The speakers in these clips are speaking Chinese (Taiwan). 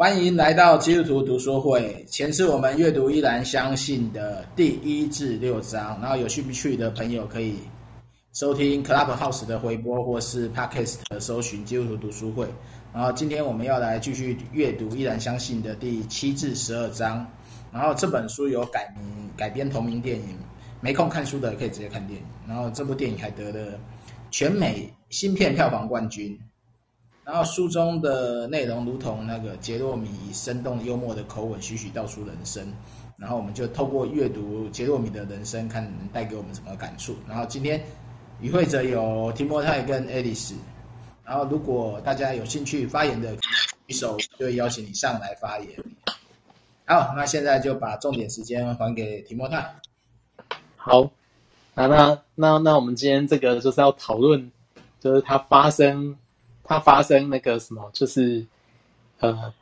歡迎來到基督徒讀書會。前次我們閱讀《依然相信》的第一至六章，然後有興趣的朋友可以收聽 Clubhouse 的回播，或是 Podcast 的搜尋基督徒讀書會。然後今天我們要來繼續閱讀《依然相信》的第七至十二章。然後這本書有改名、改編同名電影，沒空看書的可以直接看電影。然後這部電影還得了全美新片票房冠軍。然後書中的內容，如同那個傑洛米以生動幽默的口吻，徐徐道出人生。然後我們就透過閱讀傑洛米的人生，看能帶給我們什麼感觸。然後今天與會者有提莫泰跟艾麗絲。然後如果大家有興趣發言的，舉手就邀請你上來發言。好，那現在就把重點時間還給提莫泰。好，那那那那我們今天這個就是要討論，就是它發生。他發生那個什麼，就是，呃，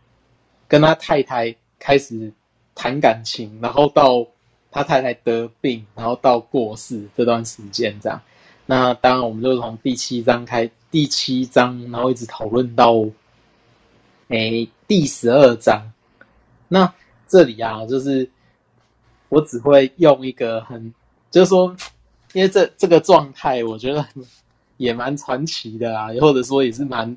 跟他太太開始談感情，然後到他太太得病，然後到過世這段時間這樣。那當然，我們就從第七章開，第七章，然後一直討論到，哎，第十二章。那這裡啊，就是我只會用一個很，就是說，因為這這個狀態，我覺得。也蠻傳奇的啊，或者說也是蠻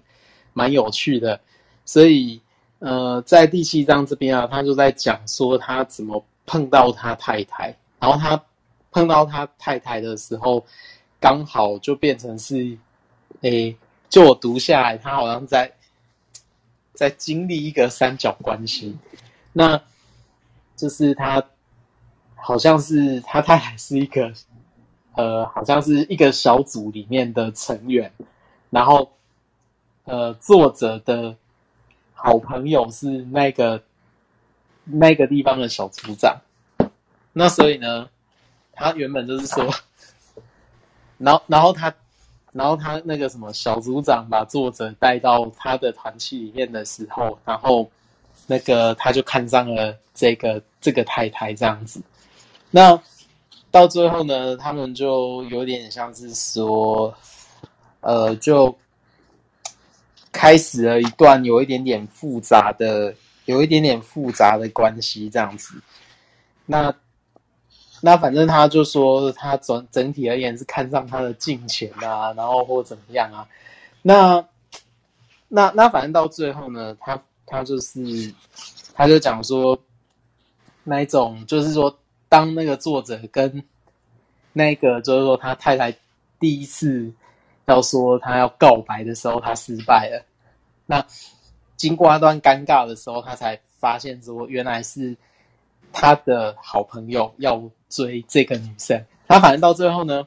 蠻有趣的。所以，呃，在第七章這邊啊，他就在講說他怎麼碰到他太太，然後他碰到他太太的時候，剛好就變成是，欸，就我讀下來，他好像在在經歷一個三角關係，那就是他好像是他太太是一個。呃，好像是一個小組裡面的成員，然後，呃，作者的好朋友是那個那個地方的小組長，那所以呢，他原本就是說，然後，然後他，然後他那個什麼小組長把作者帶到他的團契裡面的時候，然後那個他就看上了這個這個太太這樣子，那。到最後呢，他們就有點像是說，呃，就開始了一段有一點點複雜的、有一點點複雜的關係這樣子。那那反正他就說他，他整整體而言是看上他的金錢啊，然後或怎麼樣啊。那那那反正到最後呢，他他就是他就講說，那一種就是說。當那個作者跟那個就是說他太太第一次要說他要告白的時候，他失敗了。那經過那段尷尬的時候，他才發現說原來是他的好朋友要追這個女生。他反正到最後呢，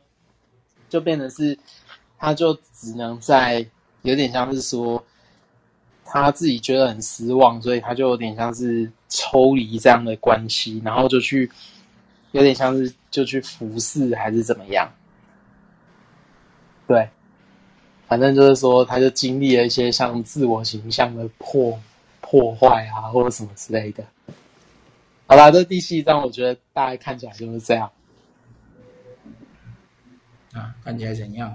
就變成是他就只能在有點像是說他自己覺得很失望，所以他就有點像是抽離這樣的關係，然後就去。有點像是就去服侍還是怎麼樣，對，反正就是說，他就經歷了一些像自我形象的破破壞啊，或者什麼之類的。好了，這第七章我覺得大概看起來就是這樣啊，看起來怎樣？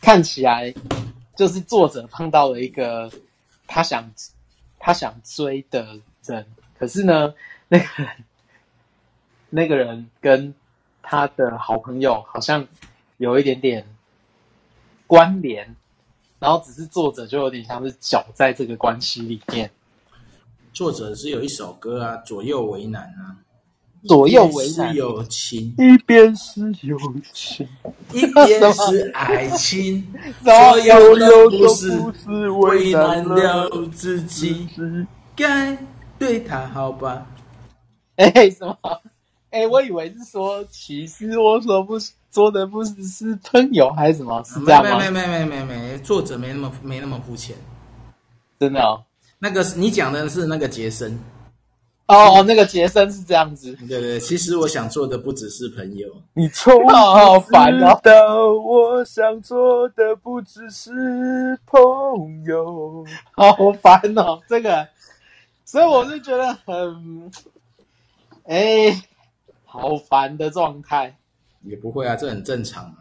看起來就是作者碰到了一個他想他想追的人，可是呢，那個那個人跟他的好朋友好像有一點點關聯，然後只是作者就有點像是攪在這個關係裡面。作者是有一首歌啊，左右為難啊，左右為難。友情一邊是友情，情，一邊是愛情，左右都不是，為難，為難了自己是是，該對他好吧？哎，什麼？哎，我以為是說，其實我所不做的不只是朋友，還是什麼？是這樣嗎？沒沒沒沒沒沒，作者沒那麼沒那麼膚淺，真的哦。那個你講的是那個傑森哦，哦，那個傑森是這樣子。對對，對對，其實我想做的不只是朋友。你錯了，好煩哦。但我想做的不只是朋友。好煩哦，這個，所以我就覺得很，哎。好、哦、煩的狀態，也不會啊，這很正常、啊、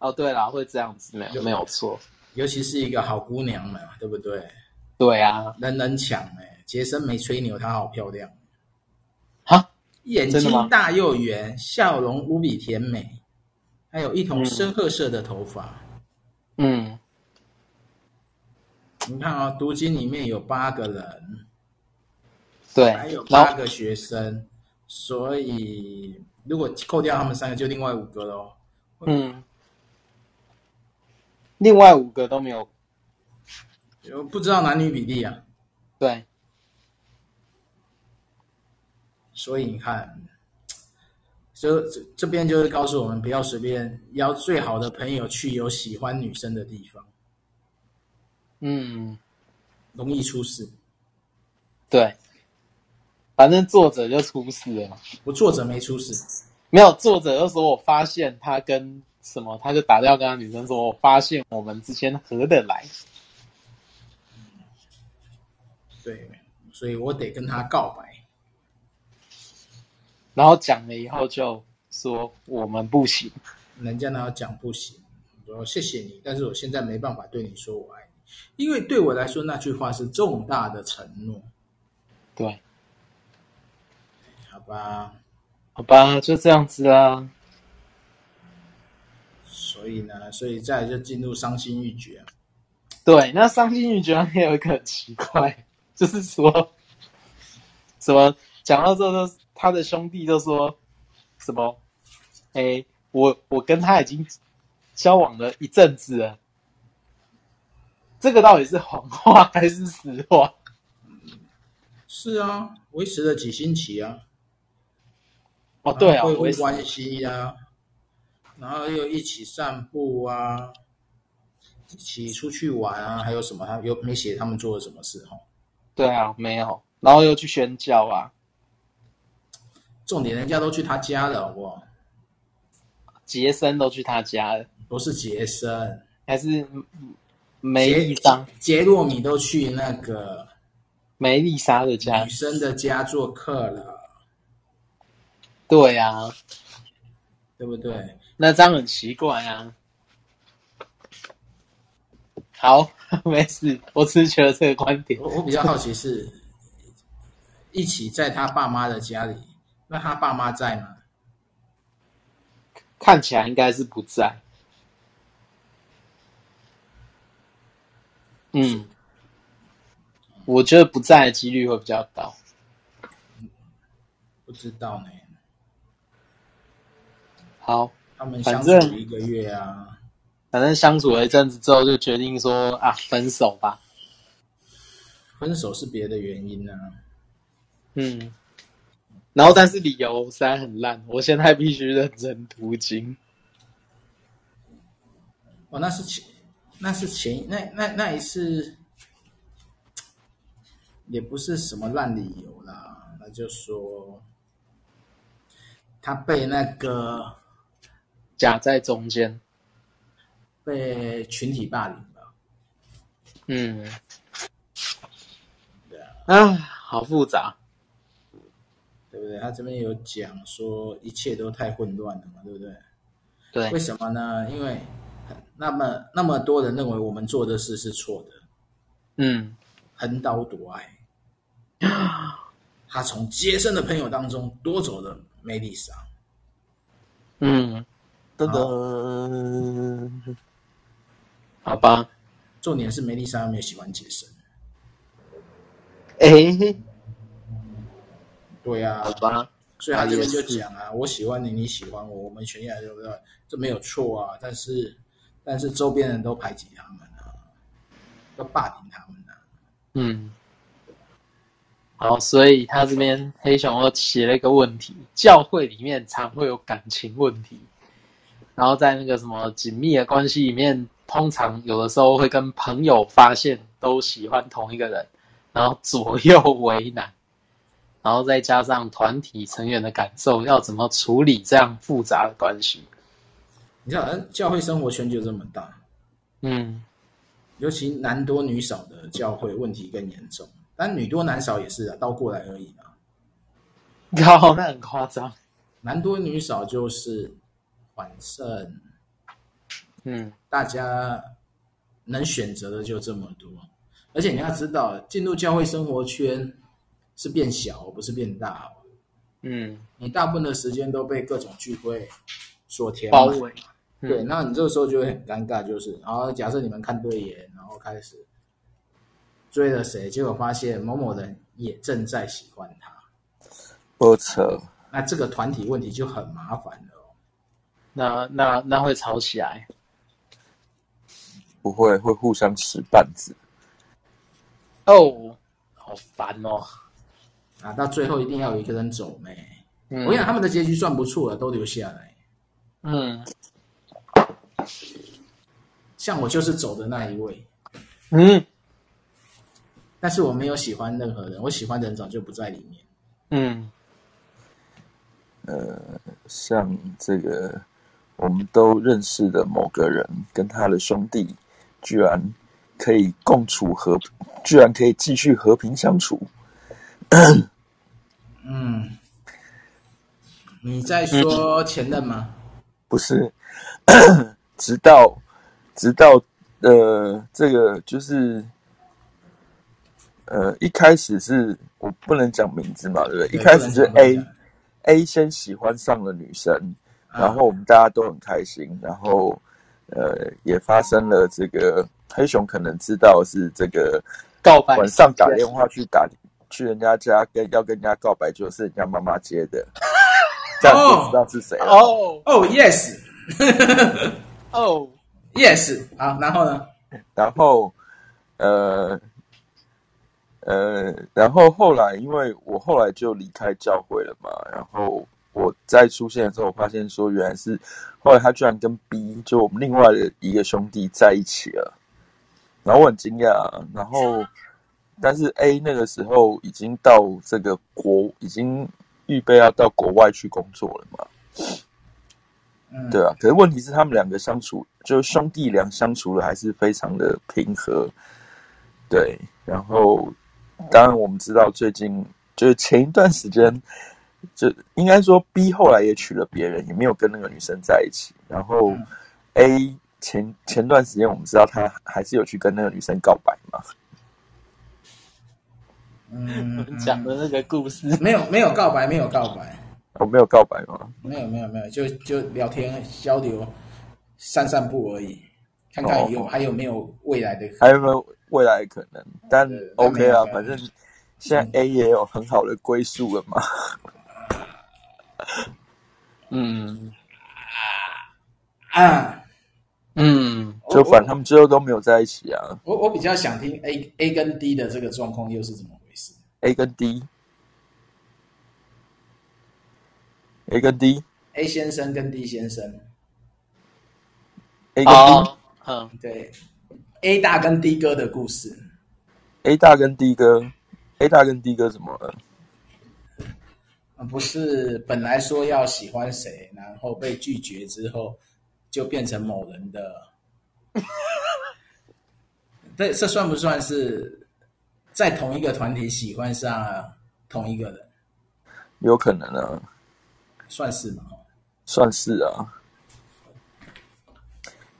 哦，對啦，會這樣子沒有就沒有錯，尤其是一個好姑娘嘛，對不對？對啊，人能搶、欸、傑森沒吹牛，她好漂亮。哈，眼睛大又圓，笑容無比甜美，還有一頭深褐色的頭髮嗯。嗯，你看啊，讀經裡面有八個人，對，還有八個學生。所以，如果扣掉他們三個，就另外五個嘍、哦。嗯，另外五個都沒有，就不知道男女比例啊。對。所以你看，所以這這這邊就是告訴我們，不要隨便邀最好的朋友去有喜歡女生的地方。嗯，容易出事。對。反正作者就出事了嘛，我作者沒出事，沒有作者要說我發現他跟什麼，他就打電話跟他女生說，我發現我們之間合得來，對，所以我得跟他告白，然後講了以後就說我們不行，人家那要講不行，我說謝謝你，但是我現在沒辦法對你說我愛你，因為對我來說那句話是重大的承諾，對。好吧，好吧，就這樣子啊。所以呢，所以再來就進入傷心欲絕。對，那傷心欲絕還有一個很奇怪，就是說，什麼講到這、就是，都他的兄弟就說什麼，哎、欸，我我跟他已經交往了一陣子了，這個到底是謊話還是實話？嗯、是啊，維持了幾星期啊。哦，對啊，會，會關係啊，然後又一起散步啊，一起出去玩啊，還有什麼？還有沒寫他們做了什麼事？哈，對啊，沒有。然後又去宣教啊。重點，人家都去他家了，好不好？傑森都去他家了，不是傑森，還是梅麗莎？傑洛米都去那個梅麗莎的家，女生的家做客了。對呀、啊，對不對？那這樣很奇怪呀、啊。好，沒事，我支持了這個觀點。我我比較好奇是， 一起在他爸媽的家裡，那他爸媽在嗎？看起來應該是不在。嗯，我覺得不在的幾率會比較高。嗯、不知道呢。好，他們相處一個月啊，反正，反正相處了一陣子之後，就決定說啊，分手吧。分手是別的原因啊，嗯，然後但是理由雖然很爛，我現在還必須認真讀經。哦，那是前，那是前那那那一次，也不是什麼爛理由啦，那就說他被那個。夾在中間，被群體霸凌了。嗯對對，啊。好複雜，對不對？他這邊有講說，一切都太混亂了嘛，對不對？對。為什麼呢？因為，那麼那麼多人認為我們做的事是錯的。嗯。橫刀奪愛。 他從接生的朋友當中奪走了梅麗莎。嗯。噔噔好，嗯，好吧。重點是梅麗莎沒有喜歡傑森。哎、欸嗯，對呀，啊，好吧。所以他這邊就講啊：“我喜歡你，你喜歡我，我們全家是不是？這沒有錯啊。”但是，但是周邊人都排擠他們啊，要霸凌他們啊。嗯，好，所以他這邊黑熊又寫了一個問題：教會裡面常會有感情問題。然後在那個什麼緊密的關係裡面，通常有的時候會跟朋友發現都喜歡同一個人，然後左右為難，然後再加上團體成員的感受，要怎麼處理這樣複雜的關係？你知道，教會生活圈就這麼大，嗯，尤其男多女少的教會問題更嚴重，但女多男少也是啊，倒過來而已嘛、啊。高， 那很誇張，男多女少就是。反正，嗯，大家能選擇的就這麼多，而且你要知道，進入教會生活圈是變小，不是變大。嗯，你大部分的時間都被各種聚會所填。包圍。對，那你這個時候就會很尷尬，就是，然後假設你們看對眼，然後開始追了誰，結果發現某某人也正在喜歡他。不扯。那這個團體問題就很麻煩了。那那那會吵起來，不會？會互相使絆子。哦，oh，好煩哦！啊，到最後一定要有一個人走唄。嗯。我想他們的結局算不錯了，都留下來。嗯，像我就是走的那一位。嗯，但是我沒有喜歡任何人，我喜歡的人早就不在裡面。嗯，呃，像這個。我們都認識的某個人跟他的兄弟，居然可以共處和，居然可以繼續和平相處。 嗯，你在說前任嗎？嗯、不是， 直到直到呃，這個就是呃，一開始是我不能講名字嘛，對不對？對，一開始是 A，A 先喜歡上了女生。然後我們大家都很開心，然後，呃，也發生了這個黑熊可能知道是這個告白，晚上打電話去打、yes. 去人家家跟要跟人家告白，就是人家媽媽接的，這樣就不知道是誰了。哦、oh. 哦、oh. oh,，Yes，哦 oh. Yes，啊，然後呢？然後，呃，呃，然後後來因為我後來就離開教會了嘛，然後。我再出現的時候，我發現說原來是，後來他居然跟 B 就我們另外的一個兄弟在一起了，然後我很驚訝，然後但是 A 那個時候已經到這個國，已經預備要到國外去工作了嘛，對啊，可是問題是他們兩個相處，就是兄弟倆相處的還是非常的平和，對，然後當然我們知道最近就是前一段時間。就應該說，B 後來也娶了別人，也沒有跟那個女生在一起。然後，A 前、嗯、前段時間我們知道他還是有去跟那個女生告白嘛？嗯，講的那個故事沒有沒有告白，沒有告白，我、哦、沒有告白嗎？沒有沒有沒有，就就聊天交流、散散步而已，看看有、有、哦、還有沒有未來的可能，還有沒有未來的可能？但 OK 啊，反正現在 A 也有很好的歸宿了嘛。嗯。 嗯，啊，嗯，就反正他們之後都沒有在一起啊。我我,我比較想聽 A A 跟 D 的這個狀況又是怎麼回事？A 跟 D，A 跟 D，A 先生跟 D 先生，A 跟 D，嗯、oh, uh.，對，A 大跟 D 哥的故事，A 大跟 D 哥，A 大跟 D 哥怎麼了？不是本來說要喜歡誰，然後被拒絕之後，就變成某人的。這 這算不算是在同一個團體喜歡上同一個人？有可能啊。算是嗎？算是啊。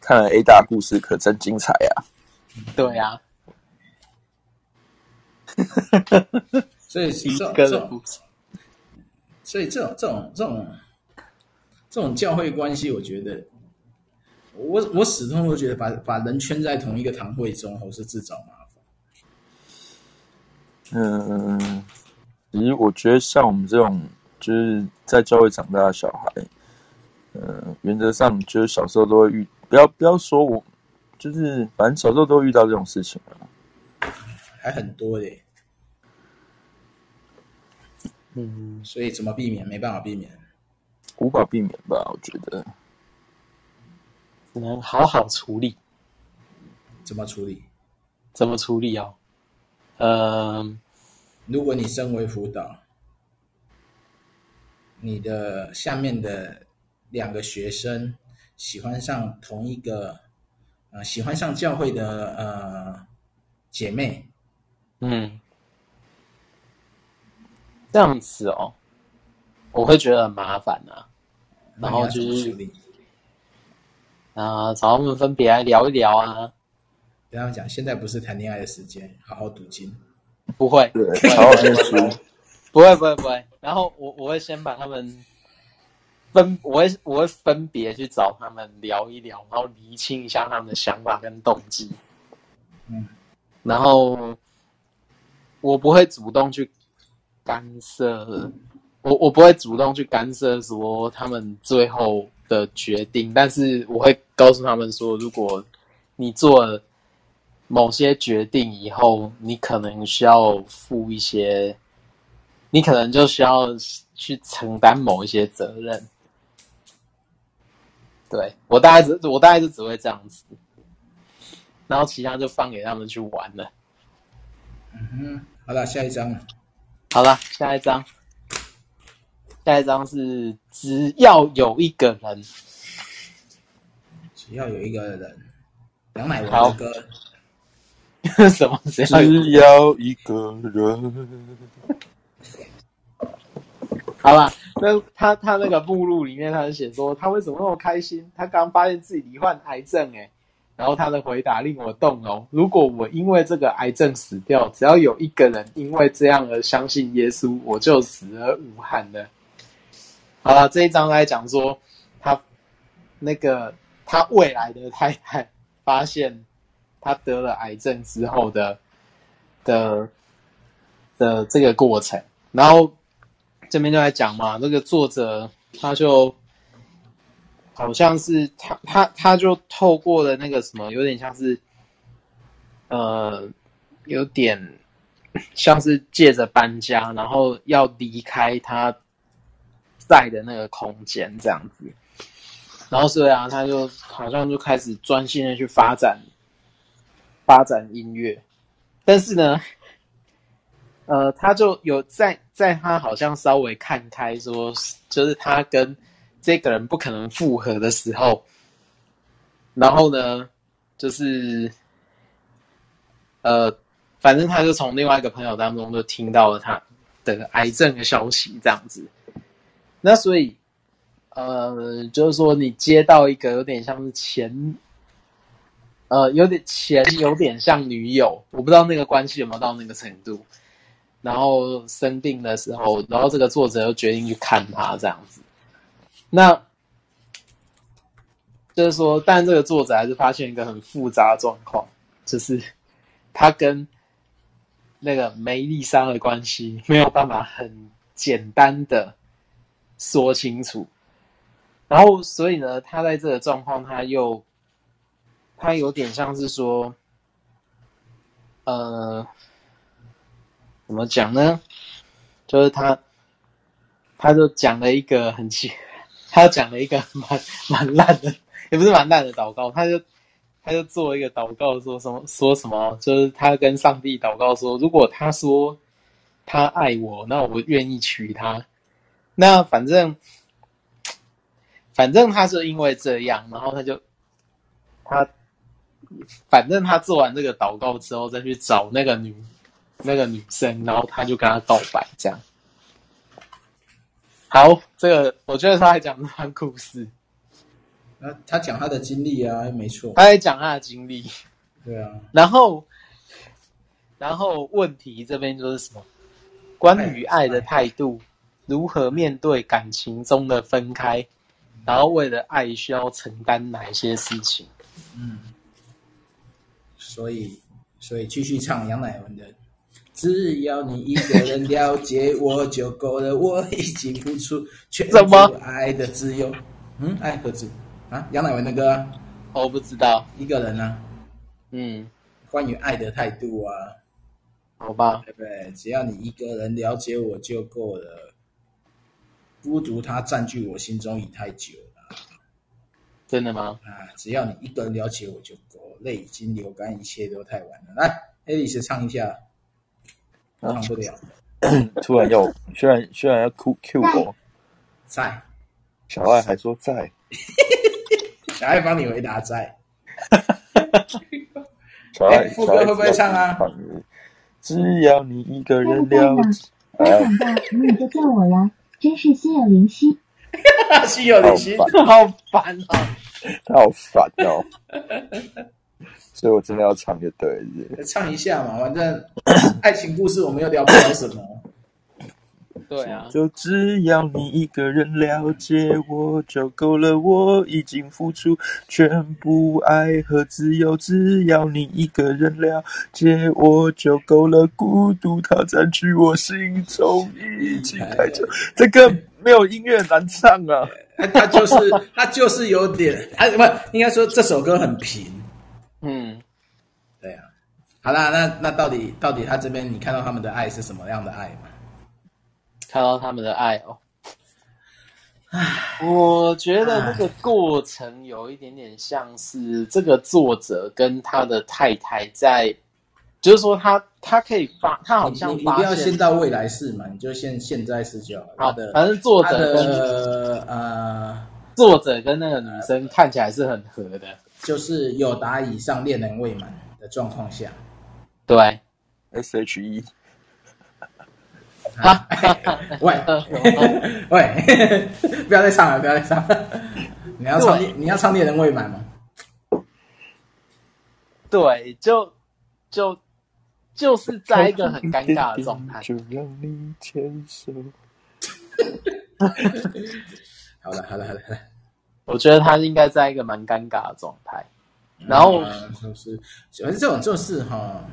看來 A 大故事可真精彩呀、啊。對呀、啊。 所以，是一個故事。所以這種這種這種，這種教會關係，我覺得我，我我始終都覺得把把人圈在同一個堂會中，我是自找麻煩。嗯、呃，其實我覺得像我們這種就是在教會長大的小孩，嗯、呃，原則上就是小時候都會遇，不要不要說我，就是反正小時候都遇到這種事情嘛、啊，還很多嘞、欸。嗯，所以怎麼避免？沒辦法避免，無法避免吧？我覺得，只能好好處理。怎麼處理？怎麼處理啊？嗯、呃，如果你身為輔導，你的下面的兩個學生喜歡上同一個，呃、喜歡上教會的、呃、姐妹，嗯。這樣子哦，我會覺得很麻煩吶、啊。然後就是啊、呃，找他們分別來聊一聊啊。跟他們講，現在不是談戀愛的時間，好好讀經。不會，好好讀書。 不會，不會，不會。然後我我會先把他們分，我會我會分別去找他們聊一聊，然後釐清一下他們的想法跟動機。嗯，然後我不會主動去。干涉我，我不會主動去干涉說他們最後的決定，但是我會告訴他們說，如果你做了某些決定以後，你可能需要負一些，你可能就需要去承擔某一些責任。對我大概是，我大概是只，只會這樣子，然後其他就放給他們去玩了。嗯哼，好了，下一張了。好了，下一章，下一章是只要有一個人，只要有一個人百買豪哥，這個、 什麼只要一個人？ 好了，那他他那個目錄裡面他，他寫說他為什麼那麼開心？他剛發現自己罹患癌症、欸，然後他的回答令我動容。如果我因為這個癌症死掉，只要有一個人因為這樣而相信耶穌，我就死而無憾了。好了，這一章來講說他那個他未來的太太發現他得了癌症之後的的的這個過程。然後這邊就在講嘛，那個作者他就。好像是他他他就透過了那個什麼，有點像是，呃，有點像是借着搬家，然後要離開他在的那個空間這樣子，然後所以啊，他就好像就開始專心的去發展發展音樂，但是呢，呃，他就有在在他好像稍微看開說，就是他跟。這個人不可能複合的時候，然後呢，就是，呃，反正他就從另外一個朋友當中就聽到了他的癌症的消息，這樣子。那所以，呃，就是說你接到一個有點像是前，呃，有點前有點像女友，我不知道那個關係有沒有到那個程度。然後生病的時候，然後這個作者又決定去看他，這樣子。那就是說，但這個作者還是發現一個很複雜的狀況，就是他跟那個梅麗莎的關係沒有辦法很簡單的說清楚。然後，所以呢，他在這個狀況，他又他有點像是說，呃，怎麼講呢？就是他他就講了一個很奇。他講了一個蠻蠻爛的，也不是蠻爛的禱告，他就他就做一個禱告，說什麼說什麼，就是他跟上帝禱告說，如果他說他愛我，那我願意娶他。那反正反正他是因為這樣，然後他就他反正他做完這個禱告之後，再去找那個女那個女生，然後他就跟她告白，這樣。好，這個我覺得他還講那番故事。呃，他他講他的經歷啊，沒錯，他在講他的經歷。對啊，然後，然後問題這邊就是什麼？關於愛的態度，如何面對感情中的分開，然後為了愛需要承擔哪一些事情？嗯，所以，所以繼續唱楊乃文的。只要你一個人了解我就夠了，我已經付出全部愛的自由。嗯，愛何止啊？楊乃文的歌，啊，我不知道。一個人呢，啊？嗯，關於愛的態度啊。好吧，對不對？只要你一個人了解我就夠了，孤獨它佔據我心中已太久了。真的嗎？啊，只要你一個人了解我就夠了，淚已經流乾，一切都太晚了。來，Alice 唱一下。唱不了，突然要， 雖然雖然要哭 Q 我，在小愛還說在， 小愛幫你回答在，哎， 副歌會不會唱啊？只要你一個人了解，沒想到你也就叫我了。真 是 心有靈犀，心有靈犀，好煩啊， 好煩煩哦。 他好煩哦 所以我真的要唱也對，唱一下嘛，反正 愛情故事我們又聊不了什麼。對啊，就只要你一個人了解我就夠了，我已經付出全部愛和自由，只要你一個人了解我就夠了，孤獨它佔據我心中已經太久，這個沒有音樂難唱啊， 他就是他就是有點，他不應該說這首歌很平。嗯，對啊，好啦，那那到底到底他這邊你看到他們的愛是什麼樣的愛嗎？看到他們的愛哦，哎，我覺得這個過程有一點點像是這個作者跟他的太太在，就是說他他可以發，他好像你不要先到未來式嘛，你就現現在式就好。好的，反正作者跟呃，呃，作者跟那個女生看起來是很合的。就是友達以上戀人未滿的狀況下，對，SHE，哈，啊啊、 喂，喂， 不要再唱了，不要再唱了，你要唱你要唱戀人未滿嗎？對，就就就是在一個很尷尬的狀態。哈哈哈哈哈，好了，好了，好了，好了。我覺得他應該在一個蠻尷尬的狀態，嗯啊、然後就是，反正這種就是哈、哦，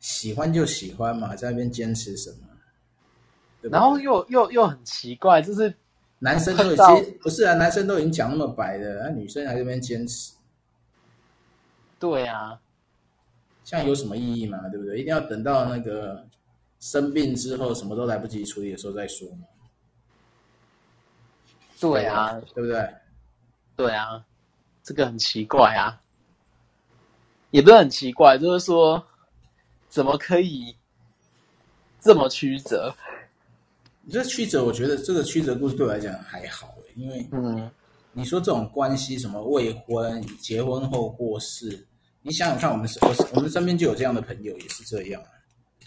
喜歡就喜歡嘛，在那邊堅持什麼，對對，然後又又又很奇怪，就是男生都已經不是啊，男生都已經講那麼白的，那女生還在那邊堅持，對啊。這樣有什麼意義嘛，對不對？一定要等到那個生病之後，什麼都來不及處理的時候再說嘛。對啊，對啊，對不對？對啊，這個很奇怪啊，也不是很奇怪，就是說，怎麼可以這麼曲折？這曲折，我覺得這個曲折故事對我來講還好，因為嗯，你說這種關係，什麼未婚、結婚後過世，你想想看，我們是，我們身邊就有這樣的朋友，也是這樣。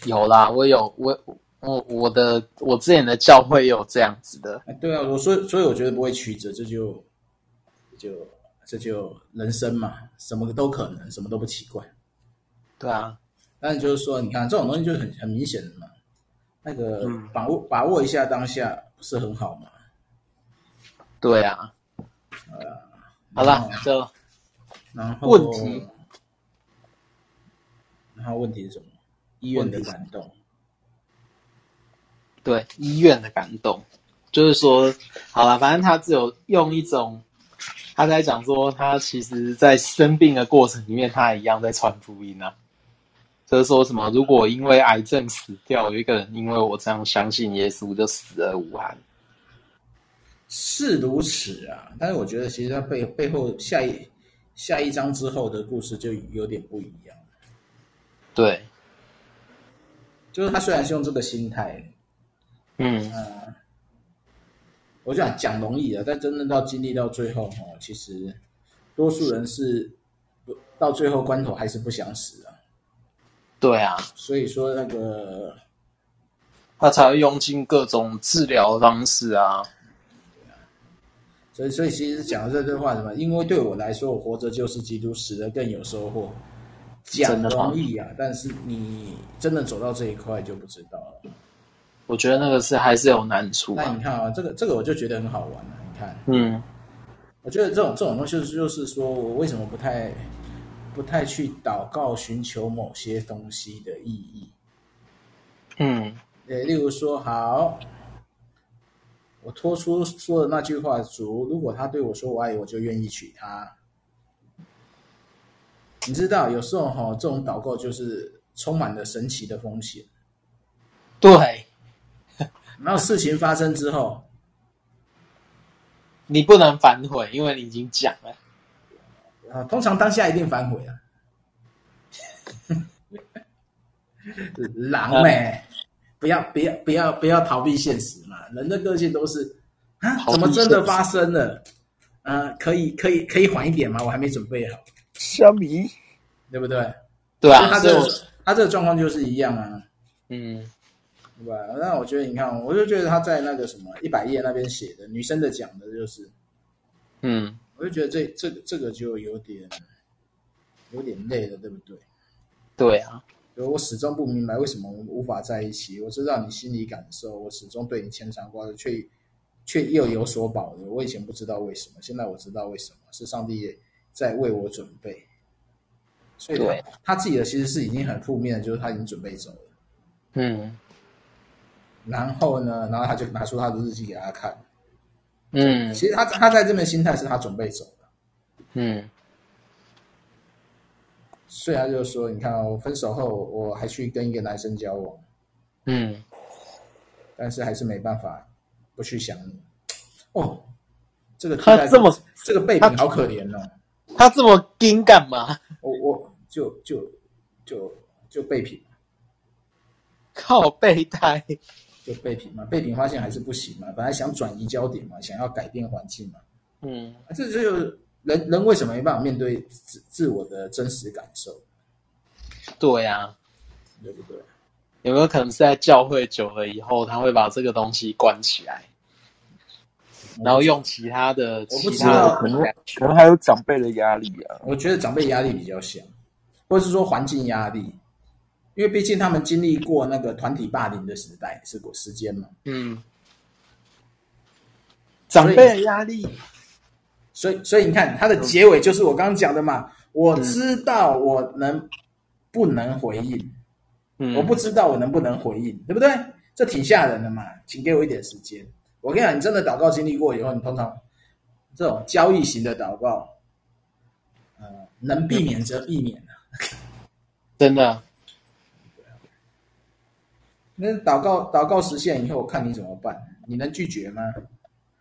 有啦，我有我。我我的我之前的教會有這樣子的，對啊，我所以所以我覺得不會曲折，這就這就這就人生嘛，什麼都可能，什麼都不奇怪，對啊，但就是說，你看這種東西就是很很明顯的嘛，那個、嗯、把握把握一下當下不是很好嗎？對啊，好了好然後，好然後問題，然後問題是什麼？醫院的感動。對醫院的感動，就是說，好了，反正他只有用一種，他在講說，他其實在生病的過程裡面，他也一樣在傳福音啊。就是說什麼，如果因為癌症死掉，有一個人因為我這樣相信耶穌，就死而無憾。是如此啊，但是我覺得，其實他背背後下一下一章之後的故事就有點不一樣。對，就是他雖然是用這個心態。嗯、啊，我想講容易啊，但真正到經歷到最後哈，其實多數人是不到最後關頭還是不想死的、啊。對啊，所以說那個他才會用盡各種治療方式啊。對啊，所以所以其實講的這句話是什麼？因為對我來說，我活着就是基督，死的更有收穫。講容易啊的，但是你真的走到這一塊就不知道了。我覺得那個是還是有難處、啊。那你看啊、哦，這個這個我就覺得很好玩了、啊。你看，嗯，我覺得這種這種東西就是、就是、說，我為什麼不太不太去禱告尋求某些東西的意義？嗯，例如說，好，我托出說的那句話，主，如如果他對我說我愛，我就願意娶她。你知道，有時候哈、哦，這種禱告就是充滿了神奇的風險。對。然後事情發生之後，你不能反悔，因為你已經講了。啊，通常當下一定反悔啊！ 狼呢、欸啊？不要，不要，不要，不要逃避現實嘛！人的個性都是啊，怎麼真的發生了？啊、可以，可以，可以緩一點嗎？我還沒準備好。蝦米？對不對？對啊，他這個、他這個狀況就是一樣啊。嗯。對吧？那我覺得，你看，我就覺得他在那個什麼一百頁那邊寫的女生的講的就是，嗯，我就覺得這這個這個就有點有點累了，對不對？對啊，我我始終不明白為什麼我們無法在一起。我知道你心裡感受，我始終對你牽腸掛肚，卻卻又有所保留。我以前不知道為什麼，現在我知道為什麼，是上帝也在為我準備。所以他對，他自己的其實是已經很負面的，就是他已經準備走了。嗯。然後呢？然後他就拿出他的日記給他看。嗯，其實他他在這邊心態是他準備走的。嗯，所以他就說：“你看哦，我分手後我還去跟一個男生交往。”嗯，但是還是沒辦法不去想你。哦，這個他這麼這個備品好可憐哦。他這麼盯幹嘛？我我就就就就備品，靠備胎。就背平嘛，背平發現還是不行嘛。本來想轉移焦點嘛，想要改變環境嘛。嗯、啊，這就是人人為什麼沒辦法面對自，自我的真實感受。對呀、啊，對不對？有沒有可能是在教會久了以後，他會把這個東西關起來，然後用其他的？我不知道，可能可能還有長輩的壓力啊。我覺得長輩壓力比較小，或者是說環境壓力。.因為畢竟他們經歷過那個團體霸凌的時代，是過時間嘛？嗯，長輩的壓力，所以所以，所以你看他的結尾就是我剛剛講的嘛、嗯。我知道我能不能回應、嗯，我不知道我能不能回應，嗯、對不對？這挺嚇人的嘛。請給我一點時間。我跟你講，你真的禱告經歷過以後、嗯，你通常這種交易型的禱告，呃，能避免則避免、啊、真的。那禱告禱告實現以後，我看你怎麼辦？你能拒絕嗎？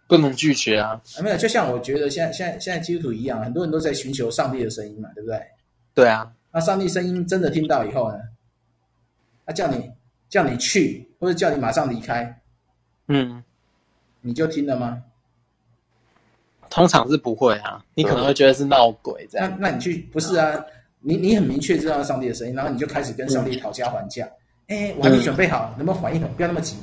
不能拒絕啊！啊，沒有，就像我覺得現在現在現在基督徒一樣，很多人都在尋求上帝的聲音嘛，對不對？對啊。那、啊、上帝聲音真的聽到以後呢？他、啊、叫你叫你去，或者叫你馬上離開，嗯，你就聽了嗎？通常是不會啊，你可能會覺得是鬧鬼。嗯、這樣，那你去不是啊？你你很明確知道上帝的聲音，然後你就開始跟上帝討價還價。嗯哎、欸，我還沒準備好了，嗯，能不能緩一緩？不要那麼急。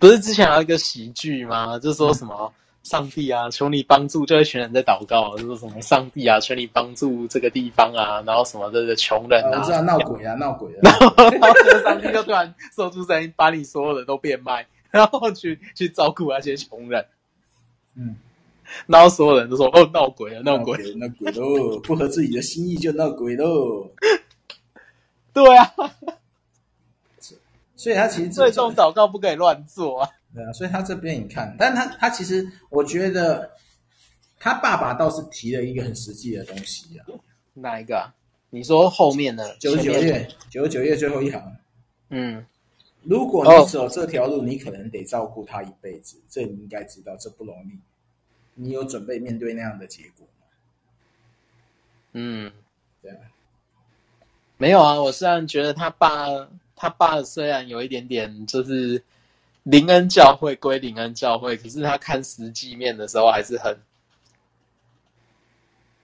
不是之前有一個喜劇嗎？就是說什麼、嗯、上帝啊，求你幫助，就一群人在禱告，就說、是、什麼上帝啊，求你幫助這個地方啊，然後什麼的窮人啊，嗯嗯、這樣，我知道鬧鬼啊，鬧鬼、啊 然後 然。然後上帝就突然說出聲音，把你所有人都變賣，然後去去照顧那些窮人，嗯。然後所有人都說哦，鬧鬼啊，鬧鬼，鬧鬼嘍，不合自己的心意就鬧鬼嘍。 對啊， 所以他其實最重禱告不可以亂做啊。對啊，所以他這邊你看，但他他其實，我覺得他爸爸倒是提了一個很實際的東西啊。哪一個啊？你說後面的？九十九頁，九十九頁最後一行。嗯，如果你走這條路，你可能得照顧他一輩子。這你應該知道，這不容易。你有準備面對那樣的結果嗎？嗯，對啊。沒有啊，我雖然覺得他爸，他爸雖然有一點點就是靈恩教會歸靈恩教會，可是他看實際面的時候還是很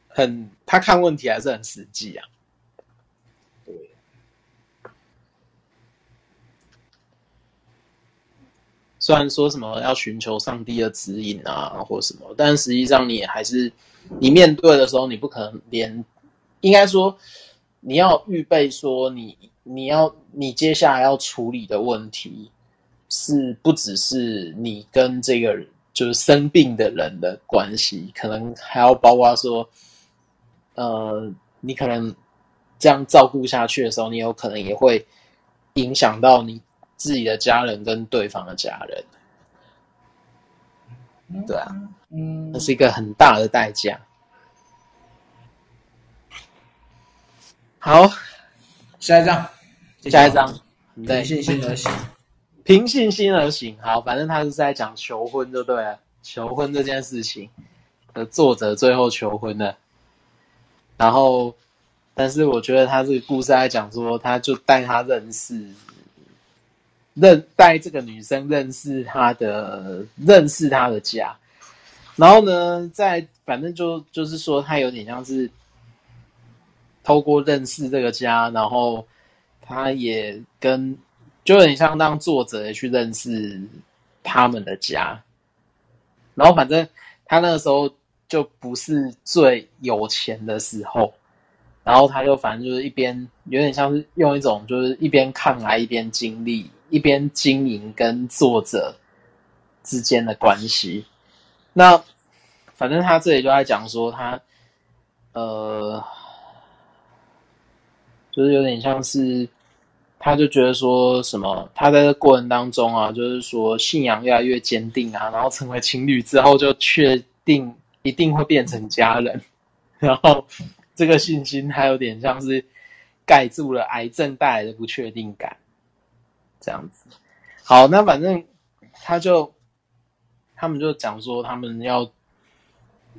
很，他看問題還是很實際啊。對，雖然說什麼要尋求上帝的指引啊，或什麼，但實際上你還是你面對的時候，你不可能連應該說。你要預備說你，你你要你接下來要處理的問題是，不只是你跟這個人就是生病的人的關係，可能還要包括說，呃，你可能這樣照顧下去的時候，你有可能也會影響到你自己的家人跟對方的家人。對啊，嗯，那是一個很大的代價。好，下一張，下一張，對，憑信心而行，憑 信心而行。好，反正他是在講求婚，就對了，求婚這件事情的作者最後求婚了，然後，但是我覺得他這個故事在講說，他就帶他認識，認帶這個女生認識他的，認識他的家，然後呢，在反正就就是說，他有點像是。透過認識這個家，然後他也跟就很像讓作者也去認識他們的家，然後反正他那個時候就不是最有錢的時候，然後他就反正就是一邊有點像是用一種就是一邊看來一邊經歷一邊經營跟作者之間的關係。那反正他這裡就在講說他呃。就是有點像是，他就覺得說什麼，他在這個過程當中啊，就是說信仰越來越堅定啊，然後成為情侶之後就確定一定會變成家人，然後這個信心還有點像是蓋住了癌症帶來的不確定感，這樣子。好，那反正他就他們就講說他們要。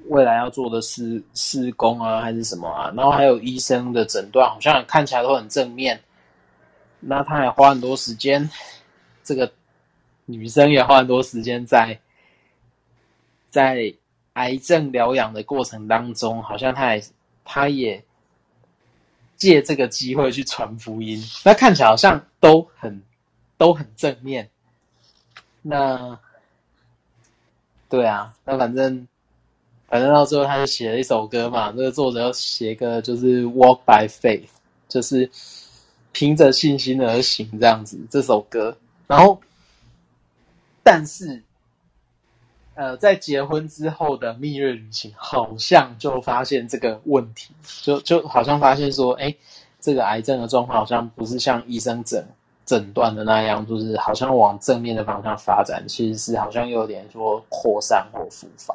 未來要做的事工啊，還是什麼啊？然後還有醫生的診斷，好像看起來都很正面。那他還花很多時間，這個女生也花很多時間在在癌症療養的過程當中，好像他也他也借這個機會去傳福音。那看起來好像都很都很正面。那對啊，那反正。反正到最後，他就寫了一首歌嘛。那、這個作者要寫個就是《Walk by Faith》，就是憑着信心而行這樣子。這首歌，然後，但是，呃，在結婚之後的蜜月旅行，好像就發現這個問題，就就好像發現說，哎、欸，這個癌症的狀況好像不是像醫生診診斷的那樣，就是好像往正面的方向發展，其實是好像又有點說擴散或復發。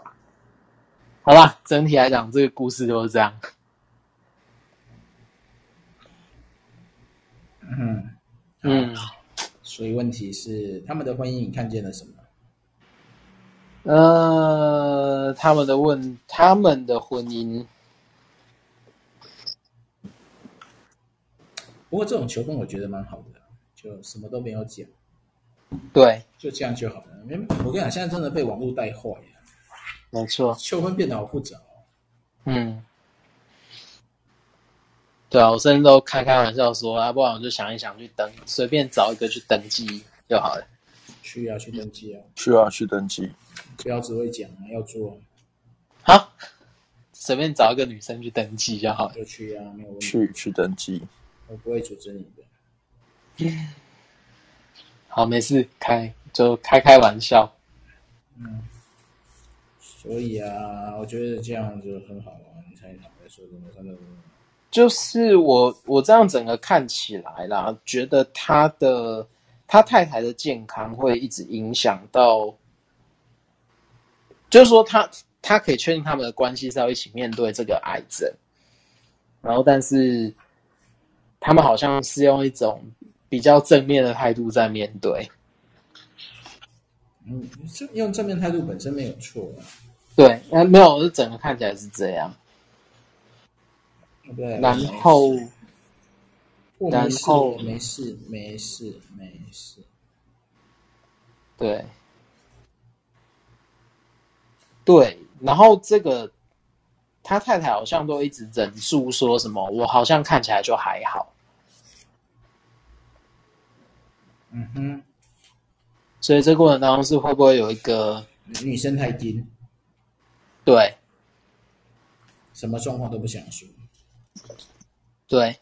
好吧，整體來講，這個故事就是這樣。嗯嗯，所以問題是，他們的婚姻你看見了什麼？呃，他們的問，他們的婚姻。不過這種求婚我覺得蠻好的啊，就什麼都沒有講。對，就這樣就好了。沒，我跟你講，現在真的被網絡帶壞。沒錯，求婚變得好複雜。嗯，對啊，我甚至都開開玩笑說啊，不然我就想一想，去登隨便找一個去登記就好了。去啊，去登記啊。去啊，去登記。不要只會講啊，要做。好、啊，隨便找一個女生去登記就好了。就去啊，沒有問題。去，去登記。我不會阻止你的。 好，沒事，開就開開玩笑。嗯。所以啊，我覺得這樣就很好啊。你剛才在說什麼？就就是我，我這樣整個看起來啦，覺得他的他太太的健康會一直影響到，就是說他他可以確定他們的關係是要一起面對這個癌症，然後但是他們好像是用一種比較正面的態度在面對。嗯，用正面態度本身沒有錯。對，那、呃、沒有，就整個看起來是這樣。對，然後，然後沒事，沒事，沒事。對，對，然後這個他太太好像都一直忍住，說什麼我好像看起來就還好。嗯哼。所以這過程當中是會不會有一個女生太緊？對，什麼狀況都不想說。對，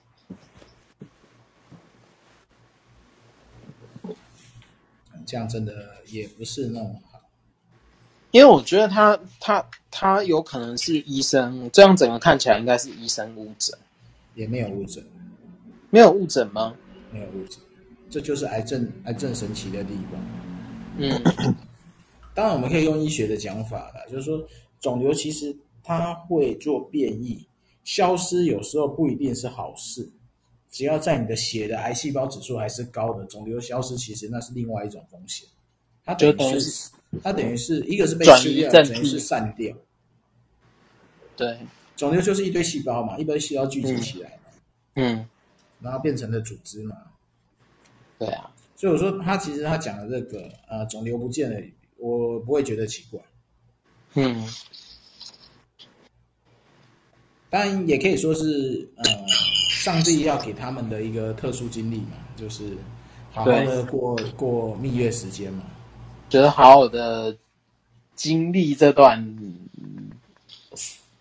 這樣真的也不是那麼好。因為我覺得他他他有可能是醫生，這樣整個看起來應該是醫生誤診。也沒有誤診，沒有誤診嗎？沒有誤診，這就是癌症癌症神奇的地方。嗯，當然我們可以用醫學的講法了，就是說。腫瘤其實它會做變異，消失有時候不一定是好事。只要在你的血的癌細胞指數還是高的，腫瘤消失其實那是另外一種風險。它等於是，等於是它等於是，嗯，一個是被消掉，等於是散掉。對，腫瘤就是一堆細胞嘛，一堆細胞聚集起來嘛，嗯，嗯，然後變成了組織嘛。對啊，所以我說他其實他講的這個呃，腫瘤不見了，我不會覺得奇怪。嗯，但也可以說是，呃、嗯，上帝要給他們的一個特殊經歷嘛，就是好好的過過蜜月時間嘛，覺得好好的經歷這段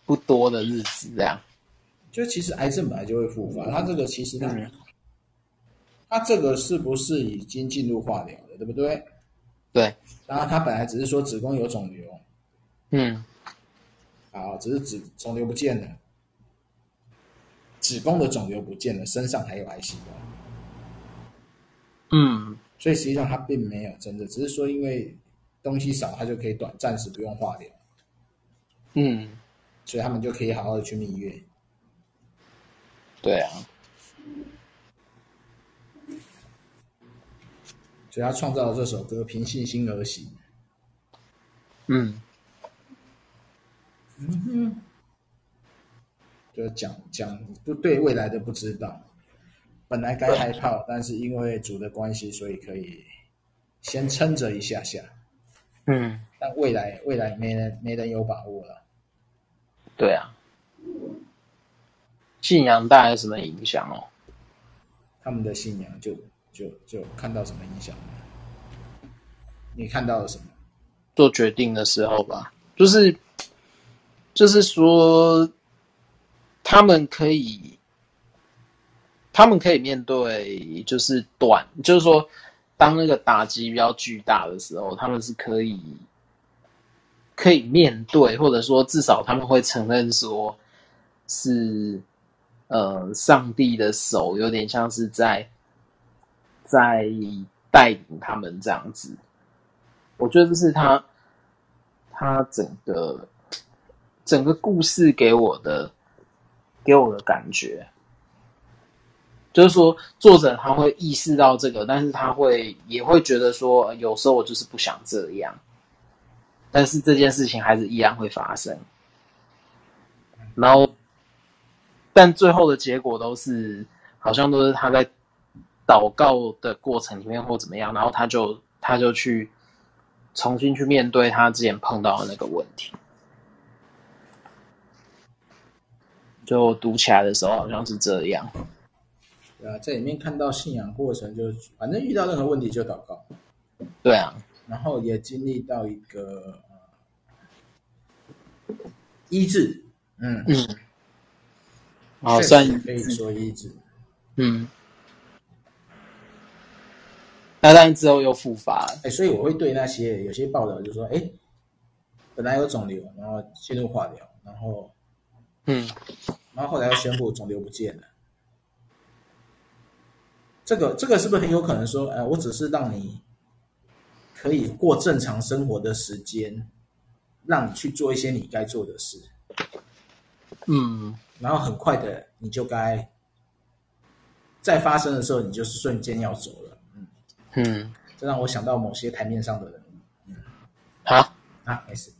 不多的日子這樣。就其實癌症本來就會復發，他這個其實他、嗯、他這個是不是已經進入化療了，對不對？對，然後他本來只是說子宮有腫瘤。嗯，好，只是子腫瘤不見了，子宮的腫瘤不見了，身上還有癌細胞。嗯，所以實際上他並沒有真的，只是說因為東西少，他就可以短暫時不用化療。嗯，所以他們就可以好好的去蜜月。對啊，所以他創造了這首歌《憑信心而行》。嗯。嗯哼，就講講就對未來的不知道，本來該害怕，但是因為主的關係，所以可以先撐着一下下。嗯，但未來未來沒人沒人有把握了。對啊，信仰帶來什麼影響哦？他們的信仰就就就看到什麼影響？你看到了什麼？做決定的時候吧，就是。就是說，他們可以，他們可以面對，就是短，就是說，當那個打擊比較巨大的時候，他們是可以可以面對，或者說至少他們會承認，說是呃，上帝的手有點像是在在帶領他們這樣子。我覺得這是他他整個整個故事給我的給我的感覺，就是說作者他會意識到這個，但是他會也會覺得說，有時候我就是不想這樣，但是這件事情還是依然會發生。然後，但最後的結果都是好像都是他在禱告的過程裡面或怎麼樣，然後他就他就去重新去面對他之前碰到的那個問題。就讀起來的時候好像是這樣，對啊，在裡面看到信仰過程就，就反正遇到任何問題就禱告，對啊，然後也經歷到一個醫治，嗯、呃、嗯，也算可以說醫治，嗯，那、嗯、但、嗯嗯、之後又復發，哎、欸，所以我會對那些有些報道就是說，哎、欸，本來有腫瘤，然後進入化療，然後。嗯，然後後來又宣布腫瘤不見了，這個這個是不是很有可能說、欸，我只是讓你可以過正常生活的時間，讓你去做一些你該做的事，嗯，然後很快的你就該再發生的時候，你就是瞬間要走了，嗯，嗯，這讓我想到某些台面上的人，嗯，好，啊沒事，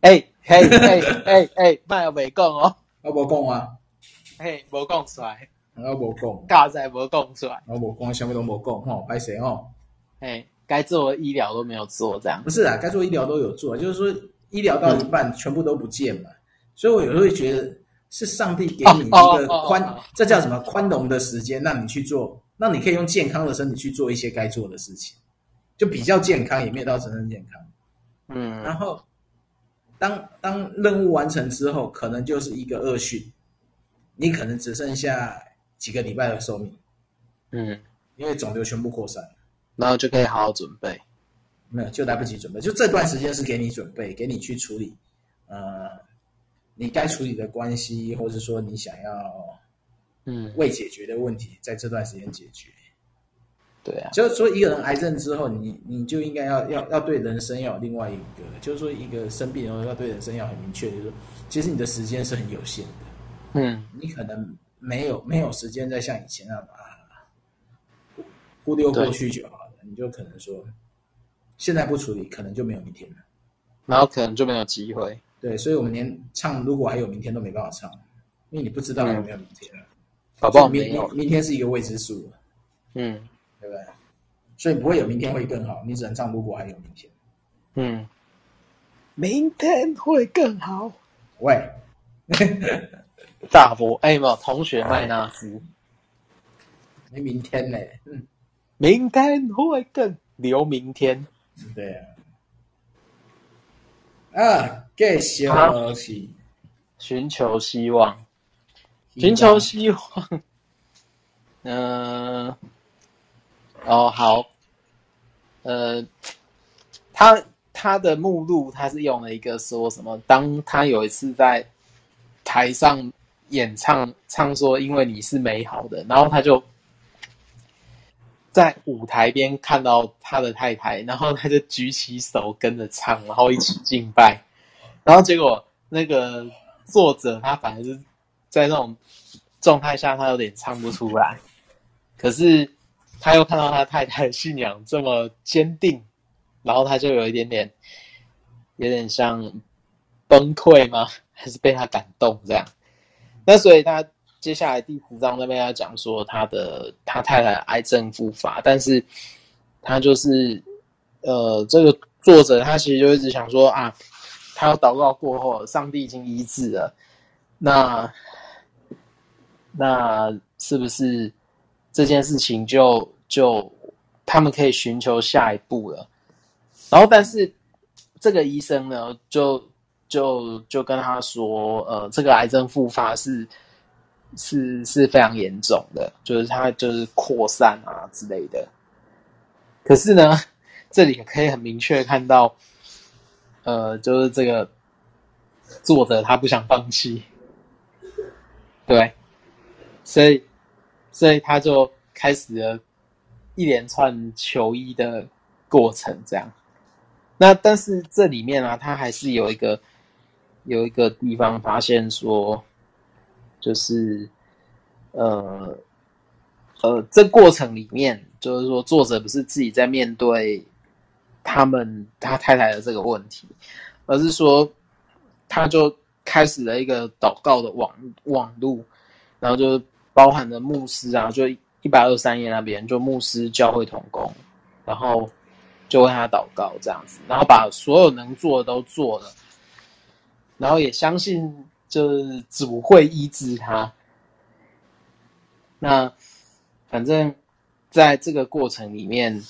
哎、欸，嘿嘿哎，哎、欸，嘿、欸，麥有尾哦。 我無講啊，嘿，無講出來，我無講，實在無講出來，我無講，什麼攏無講，吼、哦，歹勢哦，嘿，該做的醫療都沒有做，這樣不是啊，該做醫療都有做，就是說醫療到一半全部都不見了，嗯。所以我有時候會覺得是上帝給你一個寬，哦哦哦哦哦這叫什麼寬容的時間，讓你去做，讓你可以用健康的身體去做一些該做的事情，就比較健康，也沒有到真正健康，嗯，然後。當當任務完成之後，可能就是一個惡訊，你可能只剩下幾個禮拜的壽命，嗯，因為腫瘤全部擴散，然後就可以好好準備，沒有就來不及準備，就這段時間是給你準備，給你去處理，呃，你該處理的關係，或者說你想要，嗯，未解決的問題，嗯，在這段時間解決。對啊，就是說一個人癌症之後，你你就應該要要要對人生要有另外一個，就是說一個生病人要對人生要很明確，就是說其實你的時間是很有限的。嗯，你可能沒有沒有時間再像以前那樣忽略過去就好了，你就可能說現在不處理，可能就沒有明天了，然後可能就沒有機會。對，所以我們連唱如果還有明天都沒辦法唱，因為你不知道有沒有明天了。嗯、好不好明明天是一個未知數。嗯。對不對，所以不會有明天會更好，你只能唱如果還有明天。嗯，明天會更好。喂， 大伯哎，沒有同學麥納沒明天呢？明天會更留明天。對啊。啊，給、啊、希，希望，尋求希望，尋求希望。嗯。哦，好。呃，他他的目錄他是用了一個說什麼？當他有一次在台上演唱，唱說“因為你是美好的”，然後他就在舞台邊看到他的太太，然後他就舉起手跟着唱，然後一起敬拜。然後結果那個作者他反而是在那種狀態下，他有點唱不出來，可是。他又看到他太太的信仰這麼堅定，然後他就有一點點，有點像崩潰嗎？還是被他感動這樣？那所以他接下來第十章那邊要講說他的他太太癌症復發，但是他就是呃，這個作者他其實就一直想說啊，他要禱告過後，上帝已經醫治了，那那是不是？這件事情就就他們可以尋求下一步了，然後但是這個醫生呢就就就跟他說，呃，這個癌症復發是是是非常嚴重的，就是他就是擴散啊之類的。可是呢，這裡可以很明確的看到，呃，就是這個作者他不想放棄，對，所以。所以他就開始了一連串求醫的過程，這樣。那但是這裡面啊，他還是有一個有一個地方發現說，就是呃呃，這過程裡面就是說，作者不是自己在面對他們他太太的這個問題，而是說他就開始了一個禱告的網網路，然後就。包含的牧師啊，就一百二十三頁那邊，就牧師教會同工，然後就為他禱告這樣子，然後把所有能做的都做了，然後也相信就是主會醫治他。那反正在這個過程裡面，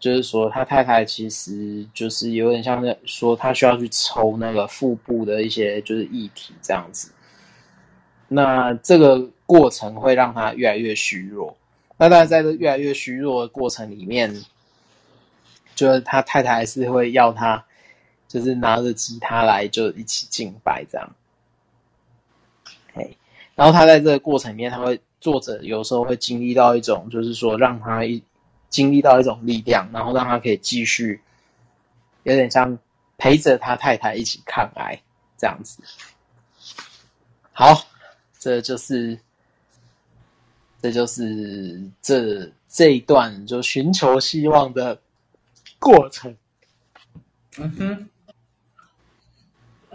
就是說他太太其實就是有點像在說他需要去抽那個腹部的一些就是液體這樣子，那這個。過程會讓他越來越虛弱。那當然，在這越來越虛弱的過程裡面，就是他太太還是會要他，就是拿着吉他來，就一起敬拜這樣。Okay. 然後他在這個過程裡面，他會坐着，作者有時候會經歷到一種，就是說讓他一經歷到一種力量，然後讓他可以繼續，有點像陪着他太太一起抗癌這樣子。好，這就是。這就是這這一段就尋求希望的過程。嗯哼、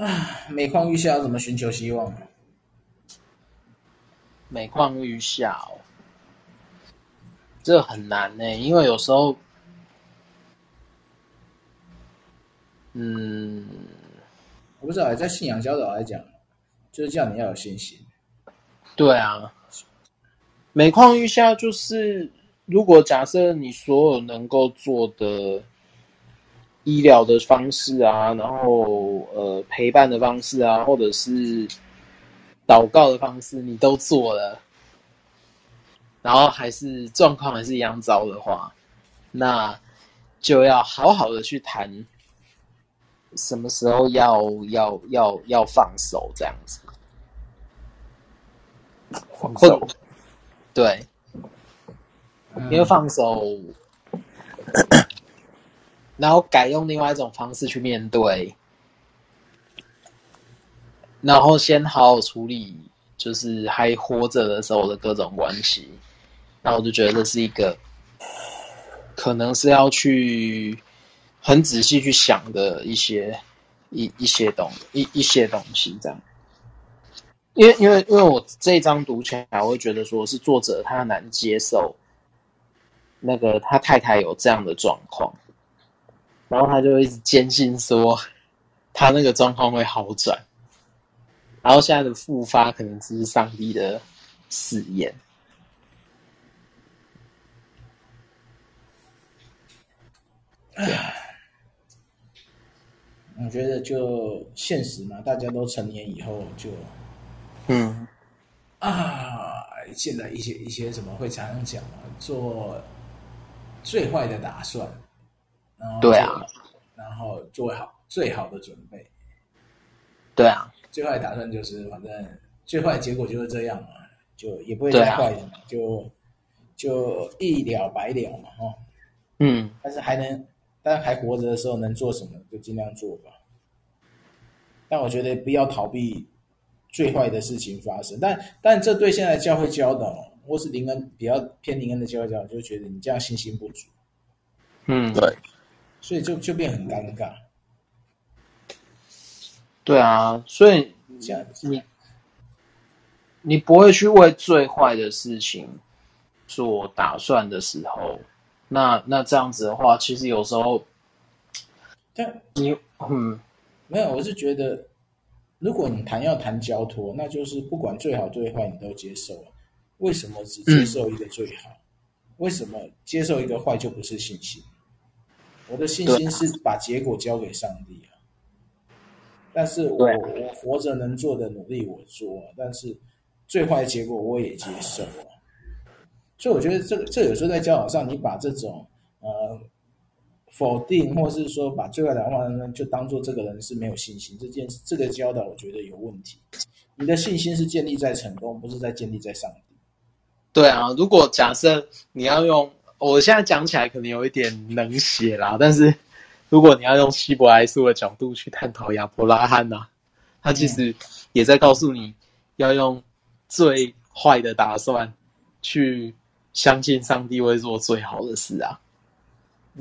啊，每況愈下，要怎麼尋求希望？每況愈下、哦，這很難呢，因為有時候，嗯，我不知道，在信仰教導來講，就是叫你要有信心。對啊。每況愈下，就是如果假設你所有能夠做的醫療的方式啊，然後呃陪伴的方式啊，或者是禱告的方式，你都做了，然後還是狀況還是一樣糟的話，那就要好好的去談什麼時候要要要要放手這樣子，放手。對，你要放手，嗯，然後改用另外一種方式去面對，然後先好好處理，就是還活着的時候的各種關係，然後我就覺得這是一個，可能是要去很仔細去想的一些一一些東一一些東西這樣。因為，因為，因為我這一章讀起來，我會覺得說是作者他難接受那個他太太有這樣的狀況，然後他就一直堅信說他那個狀況會好轉，然後現在的復發可能只是上帝的試驗。唉，我覺得就現實嘛，大家都成年以後就。嗯，啊，現在一些一些什麼會常常講嘛、啊，做最壞的打算，然後做，對啊，然後做好最好的準備，對啊，最壞的打算就是反正最壞的結果就是這樣嘛、啊，就也不會太壞的嘛、啊，就就一了百了嘛，哈、哦，嗯，但是還能，但還活着的時候能做什麼就盡量做吧，但我覺得不要逃避。最壞的事情發生，但但這對現在的教會教導，或是靈恩比較偏靈恩的教會教導，就會覺得你這樣信心不足，嗯，對，所以就就變很尷尬。對啊，所以這樣你你不會去為最壞的事情做打算的時候，那那這樣子的話，其實有時候，但你嗯，沒有，我是覺得。如果你談要談交托，那就是不管最好最壞，你都接受。為什麼只接受一個最好？嗯、為什麼接受一個壞就不是信心？我的信心是把結果交給上帝啊。但是我我活着能做的努力我做，但是最壞的結果我也接受啊。所以我覺得這個這有時候在交往上，你把這種呃。否定，或是說把最壞的打算就當做這個人是沒有信心這件事，這個教導我覺得有問題。你的信心是建立在成功，不是在建立在上帝。對啊，如果假設你要用，我現在講起來可能有一點冷血啦，但是如果你要用希伯來書的角度去探討亞伯拉罕啊，他其實也在告訴你、嗯，要用最壞的打算去相信上帝會做最好的事啊。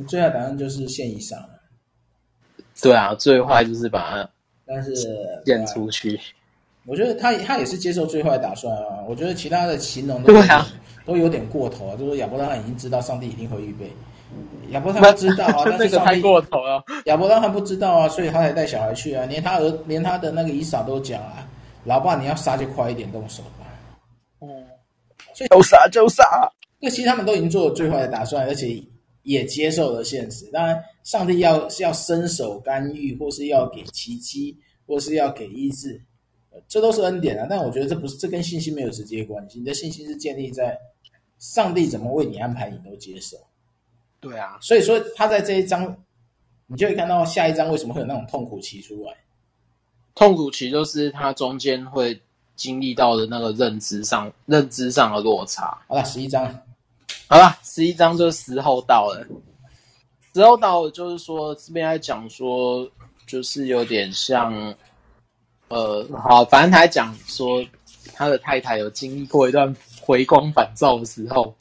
最壞打算就是獻以撒了。對啊，最壞就是把，但是獻出去。我覺得他他也是接受最壞打算啊。我覺得其他的形容，對、啊、都有點過頭啊。就是亞伯拉罕已經知道上帝一定會預備，亞伯拉罕知道啊，那但是上帝 太過頭了。亞伯拉罕不知道啊，所以他才帶小孩去啊，連他兒連他的那個以撒都講啊：“老爸，你要殺就快一點動手吧。嗯”哦，所以有殺就殺。其實他們都已經做了最壞的打算，啊，而且。也接受了現實。當然，上帝要是要伸手干預，或是要給奇蹟，或是要給醫治，呃，這都是恩典啊。但我覺得這不是，這跟信心沒有直接關係。你的信心是建立在上帝怎麼為你安排，你都接受。對啊，所以說他在這一章，你就會看到下一章為什麼會有那種痛苦期出來。痛苦期就是他中間會經歷到的那個認知上認知上的落差。好了，十一章。好了，十一章就時候到了。時候到了，就是說，這邊在講說，就是有點像，呃，好，反正他講說他的太太有經歷過一段回光返照的時候。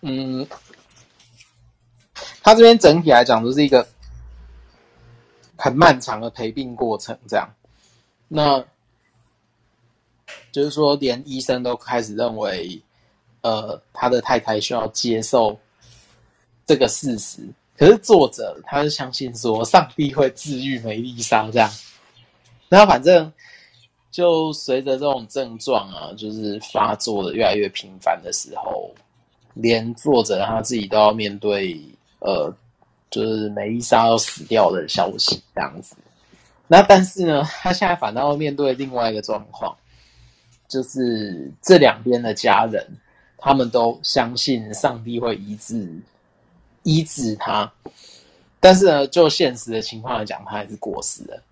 嗯，他這邊整體來講就是一個很漫長的陪病過程，這樣。那就是說，連醫生都開始認為。呃，他的太太需要接受這個事實。可是作者，他是相信說上帝會治癒梅麗莎這樣。那反正就隨着這種症狀啊，就是發作的越來越頻繁的時候，連作者他自己都要面對呃，就是梅麗莎要死掉的消息這樣子。那但是呢，他現在反倒要面對另外一個狀況，就是這兩邊的家人。他們都相信上帝會醫治，醫治他。但是呢，就現實的情況來講，他還是過世了。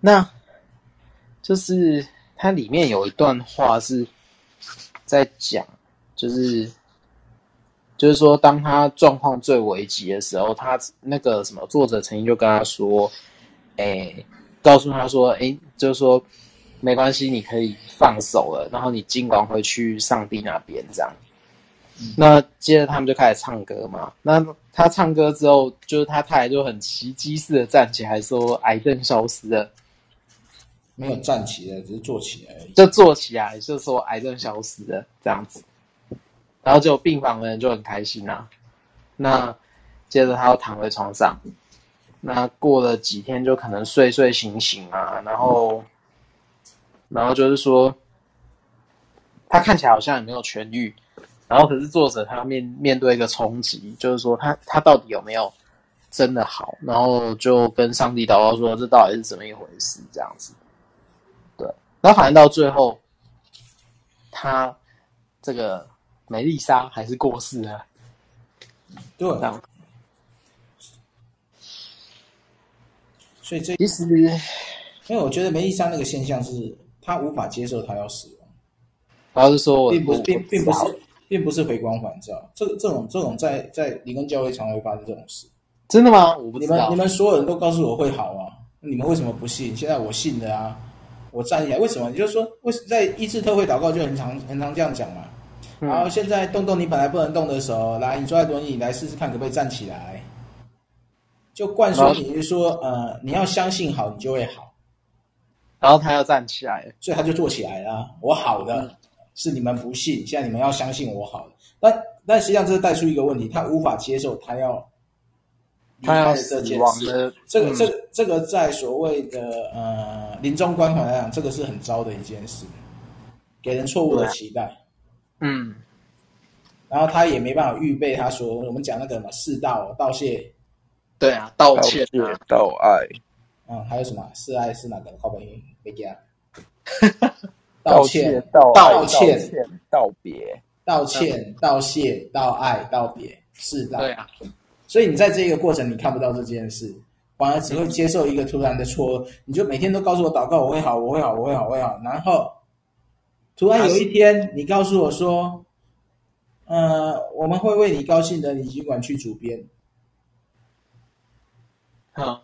那，就是它裡面有一段話是在講，就是，就是說，當他狀況最危急的時候，他那個什麼作者曾經就跟他說：“哎、欸，告訴他說，哎、欸，就是說。”沒關係，你可以放手了。然後你儘管會去上帝那邊，這樣。那接着他們就開始唱歌嘛。那他唱歌之後，就是他太太就很奇蹟似的站起來，說癌症消失了。沒有站起來，只是坐起來而已。就坐起來，就說癌症消失了這樣子。然後就病房的人就很開心啊。那接着他又躺回床上。那過了幾天，就可能睡睡醒醒啊，然後。然後就是說，他看起來好像也沒有痊癒，然後可是作者他面面對一個衝擊，就是說他他到底有沒有真的好，然後就跟上帝禱告說，這到底是怎麼一回事？這樣子，對。然後反正到最後，他這個梅麗莎還是過世了，對。所以這其實，因為我覺得梅麗莎那個現象是。他無法接受他要死，他是說我，並不我我我並不是，並不是回光返照。這這種這種在在，靈恩教會常會發生這種事。真的嗎？我不知道，你們你們所有人都告訴我會好啊，你們為什麼不信？現在我信了啊，我站起來，為什麼？你就是說，為，在一次特會禱告就很常很常這樣講嘛，嗯。然後現在動動你本來不能動的時候，來，你坐在輪椅，來試試看可不可以站起來，就灌輸你就說，呃，你要相信好，你就會好。然後他要站起來，所以他就坐起來了。我好的、嗯、是你們不信，現在你們要相信我好的。但但實際上這是帶出一個問題，他無法接受他要，他要這件事，這個、嗯、這個、這個在所謂的呃臨終關懷來講，這個是很糟的一件事，給人錯誤的期待。嗯，然後他也沒辦法預備，他說我們講那個什麼四道道謝，對啊，道歉，道歉，道愛，嗯，還有什麼是愛是哪個高本音。哈哈， 道歉、道歉道歉，道歉，道歉，道歉，道歉道、道別、道歉、道謝、道愛、道別，是的，對啊。所以你在這個過程，你看不到這件事，反而只會接受一個突然的錯愕。你就每天都告訴我禱告我，我會好，我會好，我會好，我會好。然後突然有一天，你告訴我說：“呃，我們會為你高興的，你儘管去主編。嗯”好，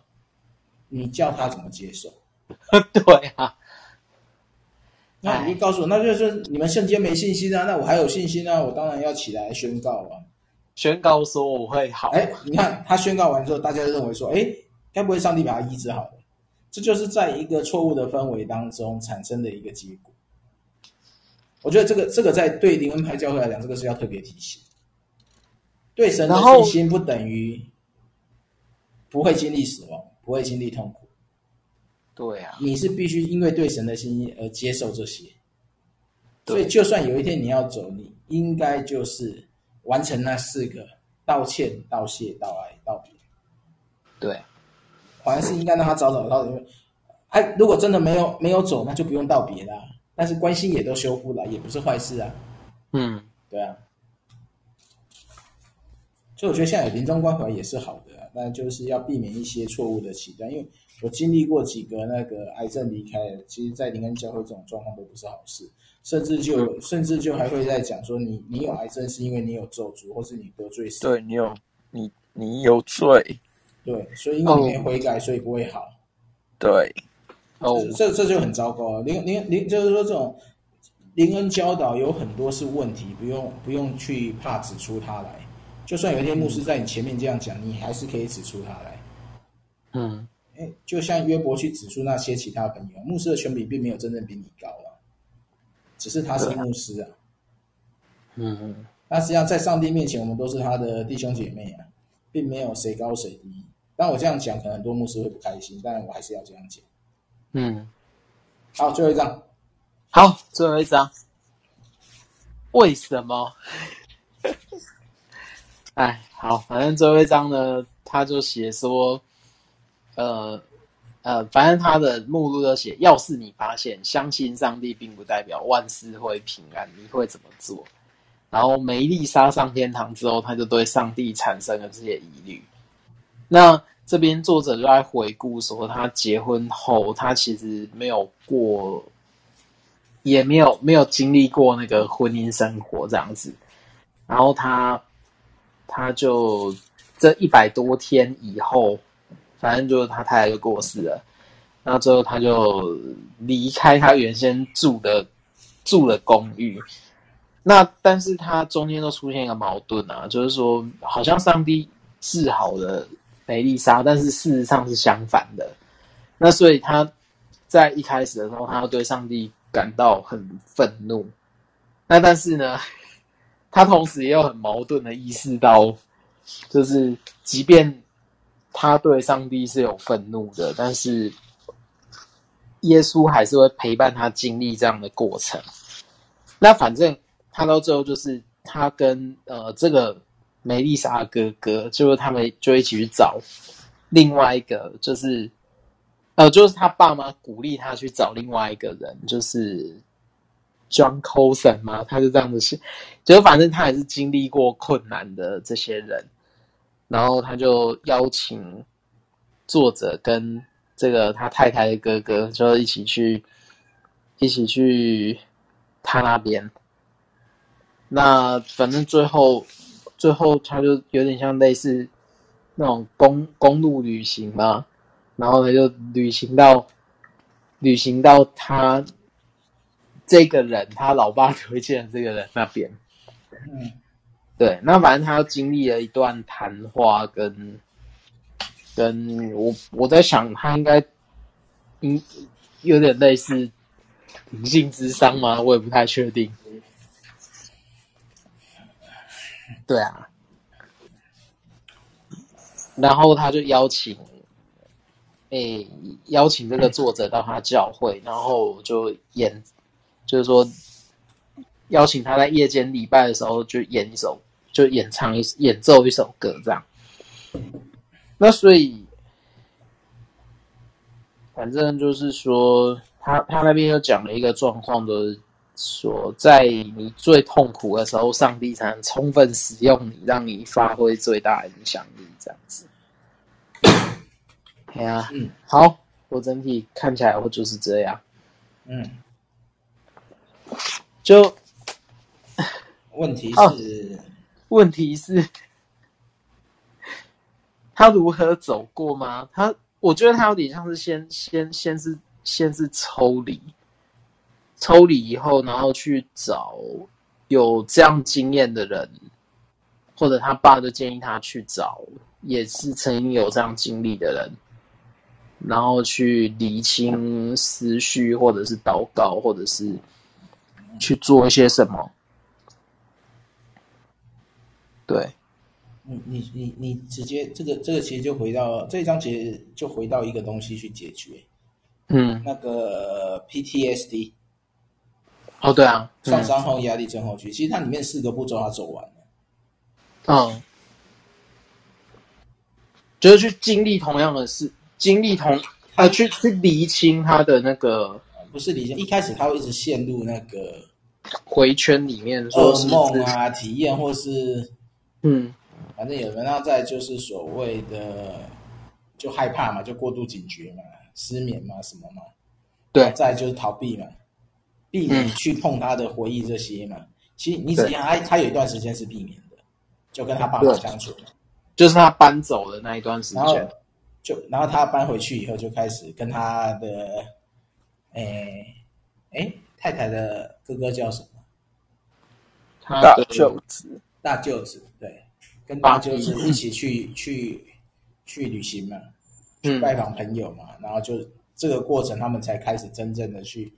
你叫他怎麼接受？ 對呀、啊，那你就告訴我，那就是你們瞬間沒信心啊？那我還有信心啊！我當然要起來宣告啊，宣告說我會好。哎，你看他宣告完之後，大家就認為說，哎，該不會上帝把他醫治好了？這就是在一個錯誤的氛圍當中產生的一個結果。我覺得這個這個在對靈恩派教會來講，這個是要特別提醒。對神的信心不等於不會經歷死亡，不會經歷痛苦。對啊，你是必須因為對神的心意而接受這些，所以就算有一天你要走，你應該就是完成那四個道歉、道謝、道愛、道別。對，還是應該讓他早早道別。如果真的沒有沒有走，那就不用道別了啊。但是關係也都修復了，也不是壞事啊。嗯，對啊。所以我覺得現在臨終關懷也是好的啊，那就是要避免一些錯誤的期待，因為。我經歷過幾個那個癌症離開了，其實在靈恩教會這種狀況都不是好事，甚至就甚至就還會在講說，你你有癌症是因為你有咒詛，或是你得罪神。對，你有你你有罪。對，所以因為你沒悔改，oh. 所以不會好。對，哦、oh.，這這就很糟糕了。靈靈靈，就是說這種靈恩教導有很多是問題，不用不用去怕指出他來。就算有一天牧師在你前面這樣講，嗯、你還是可以指出他來。嗯。哎，就像約伯去指出那些其他朋友，牧師的權柄並沒有真正比你高啊，只是他是牧師啊。嗯，那實際上在上帝面前，我們都是他的弟兄姐妹啊，並沒有誰高誰低。但我這樣講，可能很多牧師會不開心，但我還是要這樣講。嗯，好，最後一章。好，最後一章。為什麼？哎， 好，反正最後一章呢，他就寫說。呃，呃，反正他的目錄就寫：要是你發現相信上帝並不代表萬事會平安，你會怎麼做？然後梅麗莎上天堂之後，他就對上帝產生了這些疑慮。那這邊作者就在回顧說，他結婚後，他其實沒有過，也沒有沒有經歷過那個婚姻生活這樣子。然後他，他就這一百多天以後。反正就是他太太就過世了，然後最後他就離開他原先住的住的公寓。那但是他中間都出現一個矛盾啊，就是說好像上帝治好了梅麗莎，但是事實上是相反的。那所以他在一開始的時候，他要對上帝感到很憤怒。那但是呢，他同時也有很矛盾的意識到，就是即便。他對上帝是有憤怒的，但是耶穌還是會陪伴他經歷這樣的過程。那反正他到最後就是他跟呃這個梅麗莎哥哥，就是他們就一起去找另外一個，就是呃就是他爸媽鼓勵他去找另外一個人，就是 John Coulson 嘛，他是這樣子寫，就是、反正他也是經歷過困難的這些人。然後他就邀請作者跟這個他太太的哥哥，就一起去一起去他那邊。那反正最後最後他就有點像類似那種公公路旅行嘛。然後呢，就旅行到旅行到他這個人，他老爸推薦這個人那邊。嗯。對，那反正他經歷了一段談話，跟跟我我在想，他應該、嗯、有點類似靈性之傷嗎？我也不太確定。對啊，然後他就邀請，誒、哎，邀請這個作者到他教會，然後就演，就是說邀請他在夜間禮拜的時候就演一首。就演唱，一演奏一首歌這樣，那所以反正就是說，他他那邊又講了一個狀況的，說在你最痛苦的時候，上帝才能充分使用你，讓你發揮最大影響力，這樣子。對、嗯、啊，嗯、 哎，好，我整體看起來我就是這樣，嗯，就問題是。哦問題是，他如何走過嗎？他，我覺得他有點像是先先先是先是抽離，抽離以後，然後去找有這樣經驗的人，或者他爸就建議他去找，也是曾經有這樣經歷的人，然後去理清思緒，或者是禱告，或者是去做一些什麼。對，你你你你直接這個這個其實就回到這一章，其實就回到一個東西去解決，嗯，那個、呃、PTSD，哦對啊，創、嗯、傷後壓力症候群，其實它裡面四個步驟它走完了，嗯，就是去經歷同樣的事，經歷同啊、呃、去去釐清他的那個、啊、不是釐清，一開始他會一直陷入那個回圈裡面說是，噩夢啊體驗或是。嗯，反正有人那再就是所謂的，就害怕嘛，就過度警覺嘛，失眠嘛，什麼嘛，對，再就是逃避嘛，避免去碰他的回憶這些嘛。嗯、其實你只要他，他有一段時間是避免的，就跟他爸爸相處，就是他搬走的那一段時間，然就然後他搬回去以後就開始跟他的，哎哎，太太的哥哥叫什麼？他的舅子。大舅子對，跟大舅子一起去去去旅行嘛，去拜訪朋友嘛、嗯，然後就這個過程，他們才開始真正的去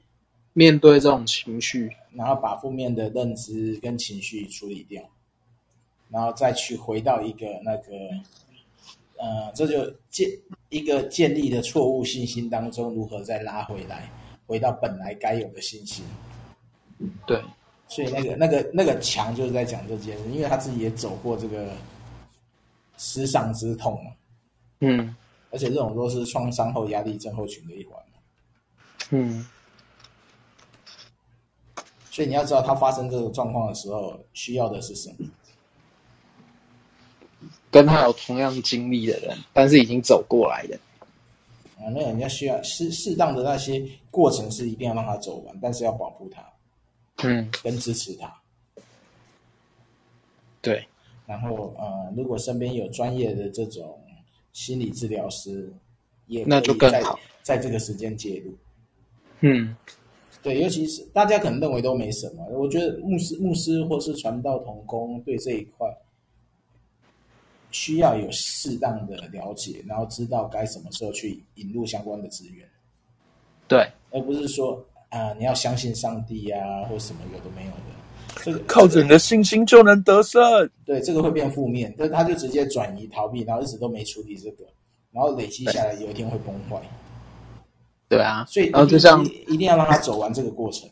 面對這種情緒，然後把負面的認知跟情緒處理掉，然後再去回到一個那個，呃，這就建一個建立的錯誤信心當中，如何再拉回來，回到本來該有的信心、嗯，對。所以那個、那個、那個牆就是在講這件事，因為他自己也走過這個失喪之痛嘛。嗯，而且這種都是創傷後壓力症候群的一環嘛。嗯。所以你要知道，他發生這種狀況的時候，需要的是什麼？跟他有同樣經歷的人，但是已經走過來的。啊，那個、人家需要適適當的那些過程是一定要讓他走完，但是要保護他。嗯，跟支持他。嗯、對，然後呃，如果身邊有專業的這種心理治療師，也在那就更好，在這個時間介入。嗯，對，尤其是大家可能認為都沒什麼，我覺得牧師、牧師或是傳道同工對這一塊，需要有適當的了解，然後知道該什麼時候去引入相關的資源。對，而不是說。啊、呃！你要相信上帝啊，或者什麼有都沒有的，這個靠着你的信心就能得勝。對，這個會變負面，但他就直接轉移逃避，然後一直都沒處理這個，然後累積下來有一天會崩壞。對，對啊，所以一定要一定要讓他走完這個過程。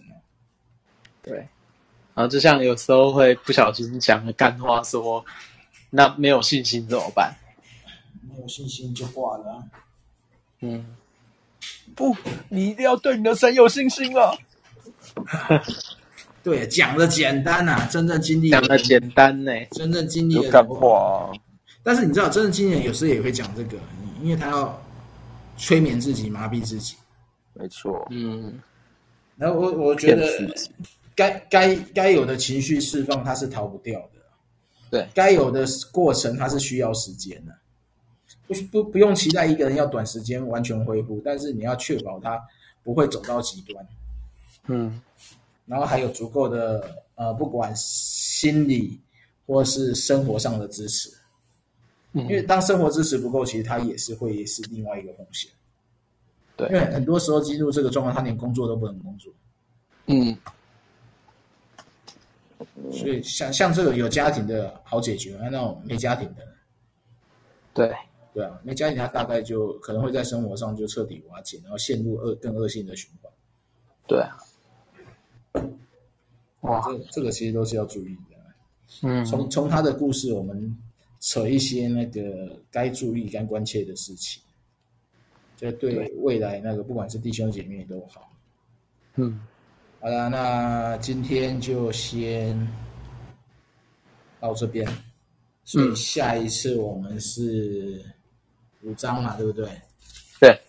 對，然後就像有時候會不小心講個幹話說，說那沒有信心怎麼辦？沒有信心就掛了、啊。嗯。不，你一定要對你的神有信心哦、啊。 對，講的簡單吶，真正經歷講的簡單呢，真正經歷的，的，欸，經歷的。但是你知道，真正經驗有時候也會講這個，因為他要催眠自己，麻痹自己。沒錯。嗯。然後我我覺得，該該該有的情緒釋放，它是逃不掉的。對，該有的過程，它是需要時間的。不不不用期待一個人要短時間完全恢復，但是你要確保他不會走到極端。嗯，然後還有足夠的呃，不管心理或是生活上的支持，嗯。因為當生活支持不夠，其實他也是會是另外一個風險。對，因為很多時候進入這個狀況，他連工作都不能工作。嗯。所以像像這種有家庭的好解決，那種沒家庭的。對。對啊，那家裡他大概就可能會在生活上就徹底瓦解，然後陷入惡更惡性的循環。對啊，哇，這個、這個其實都是要注意的。嗯，從從他的故事，我們扯一些那個該注意、該關切的事情，就對未來那個不管是弟兄姐妹都好。嗯，好了，那今天就先到這邊，所以下一次我們是、嗯。嗯五章嘛，對不對？對，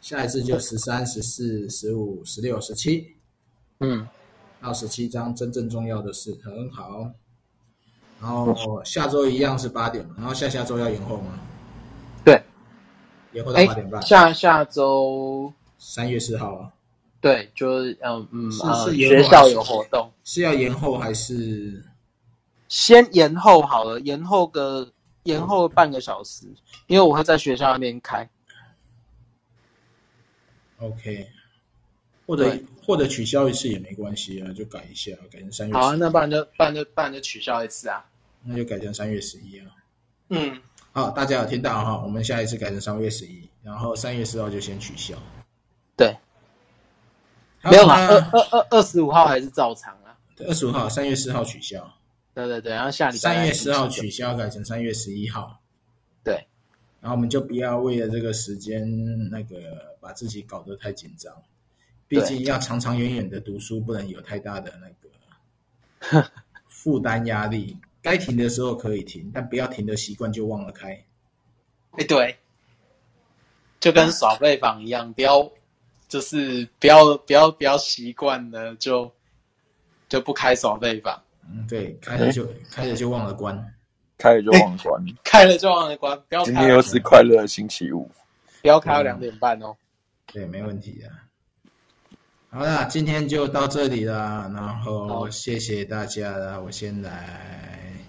下一次就十三、十四、十五、十六、十七。嗯，到十七章，真正重要的是很好。然後、嗯、下周一樣是八點，然後下下周要延後嗎？對，延後到八點半。下下周三月四號啊？對，就是嗯嗯，是是學校有活動，是要延後還是先延後好了？延後個。延後半個小時，因為我會在學校那邊開。OK，或者或者取消一次也沒關係啊，就改一下，改成三月十一。好啊，那不然就，不然就，不然就取消一次啊，那就改成三月十一啊。嗯，好，大家有聽到哈？我們下一次改成三月十一，然後三月四號就先取消。對，沒有啦？二二二二十五號還是照常啊？二十五號，三月四號取消。對對對，然後下禮拜三月十號取消，改成三月十一號。對，然後我們就不要為了這個時間那個把自己搞得太緊張，畢竟要長長遠遠的讀書，嗯，不能有太大的那個負擔壓力。 該停的時候可以停，但不要停的習慣就忘了開。哎、欸，對，就跟耍廢房一樣，嗯，不要就是不要不要不要習慣了就就不開耍廢房。嗯，對，開了就開了就忘了關，開了就忘了關，開了就忘了關。了今天又是快樂的星期五，嗯，不要開到兩點半哦。對，沒問題的。好了，今天就到這裡了，然後謝謝大家了，我先來。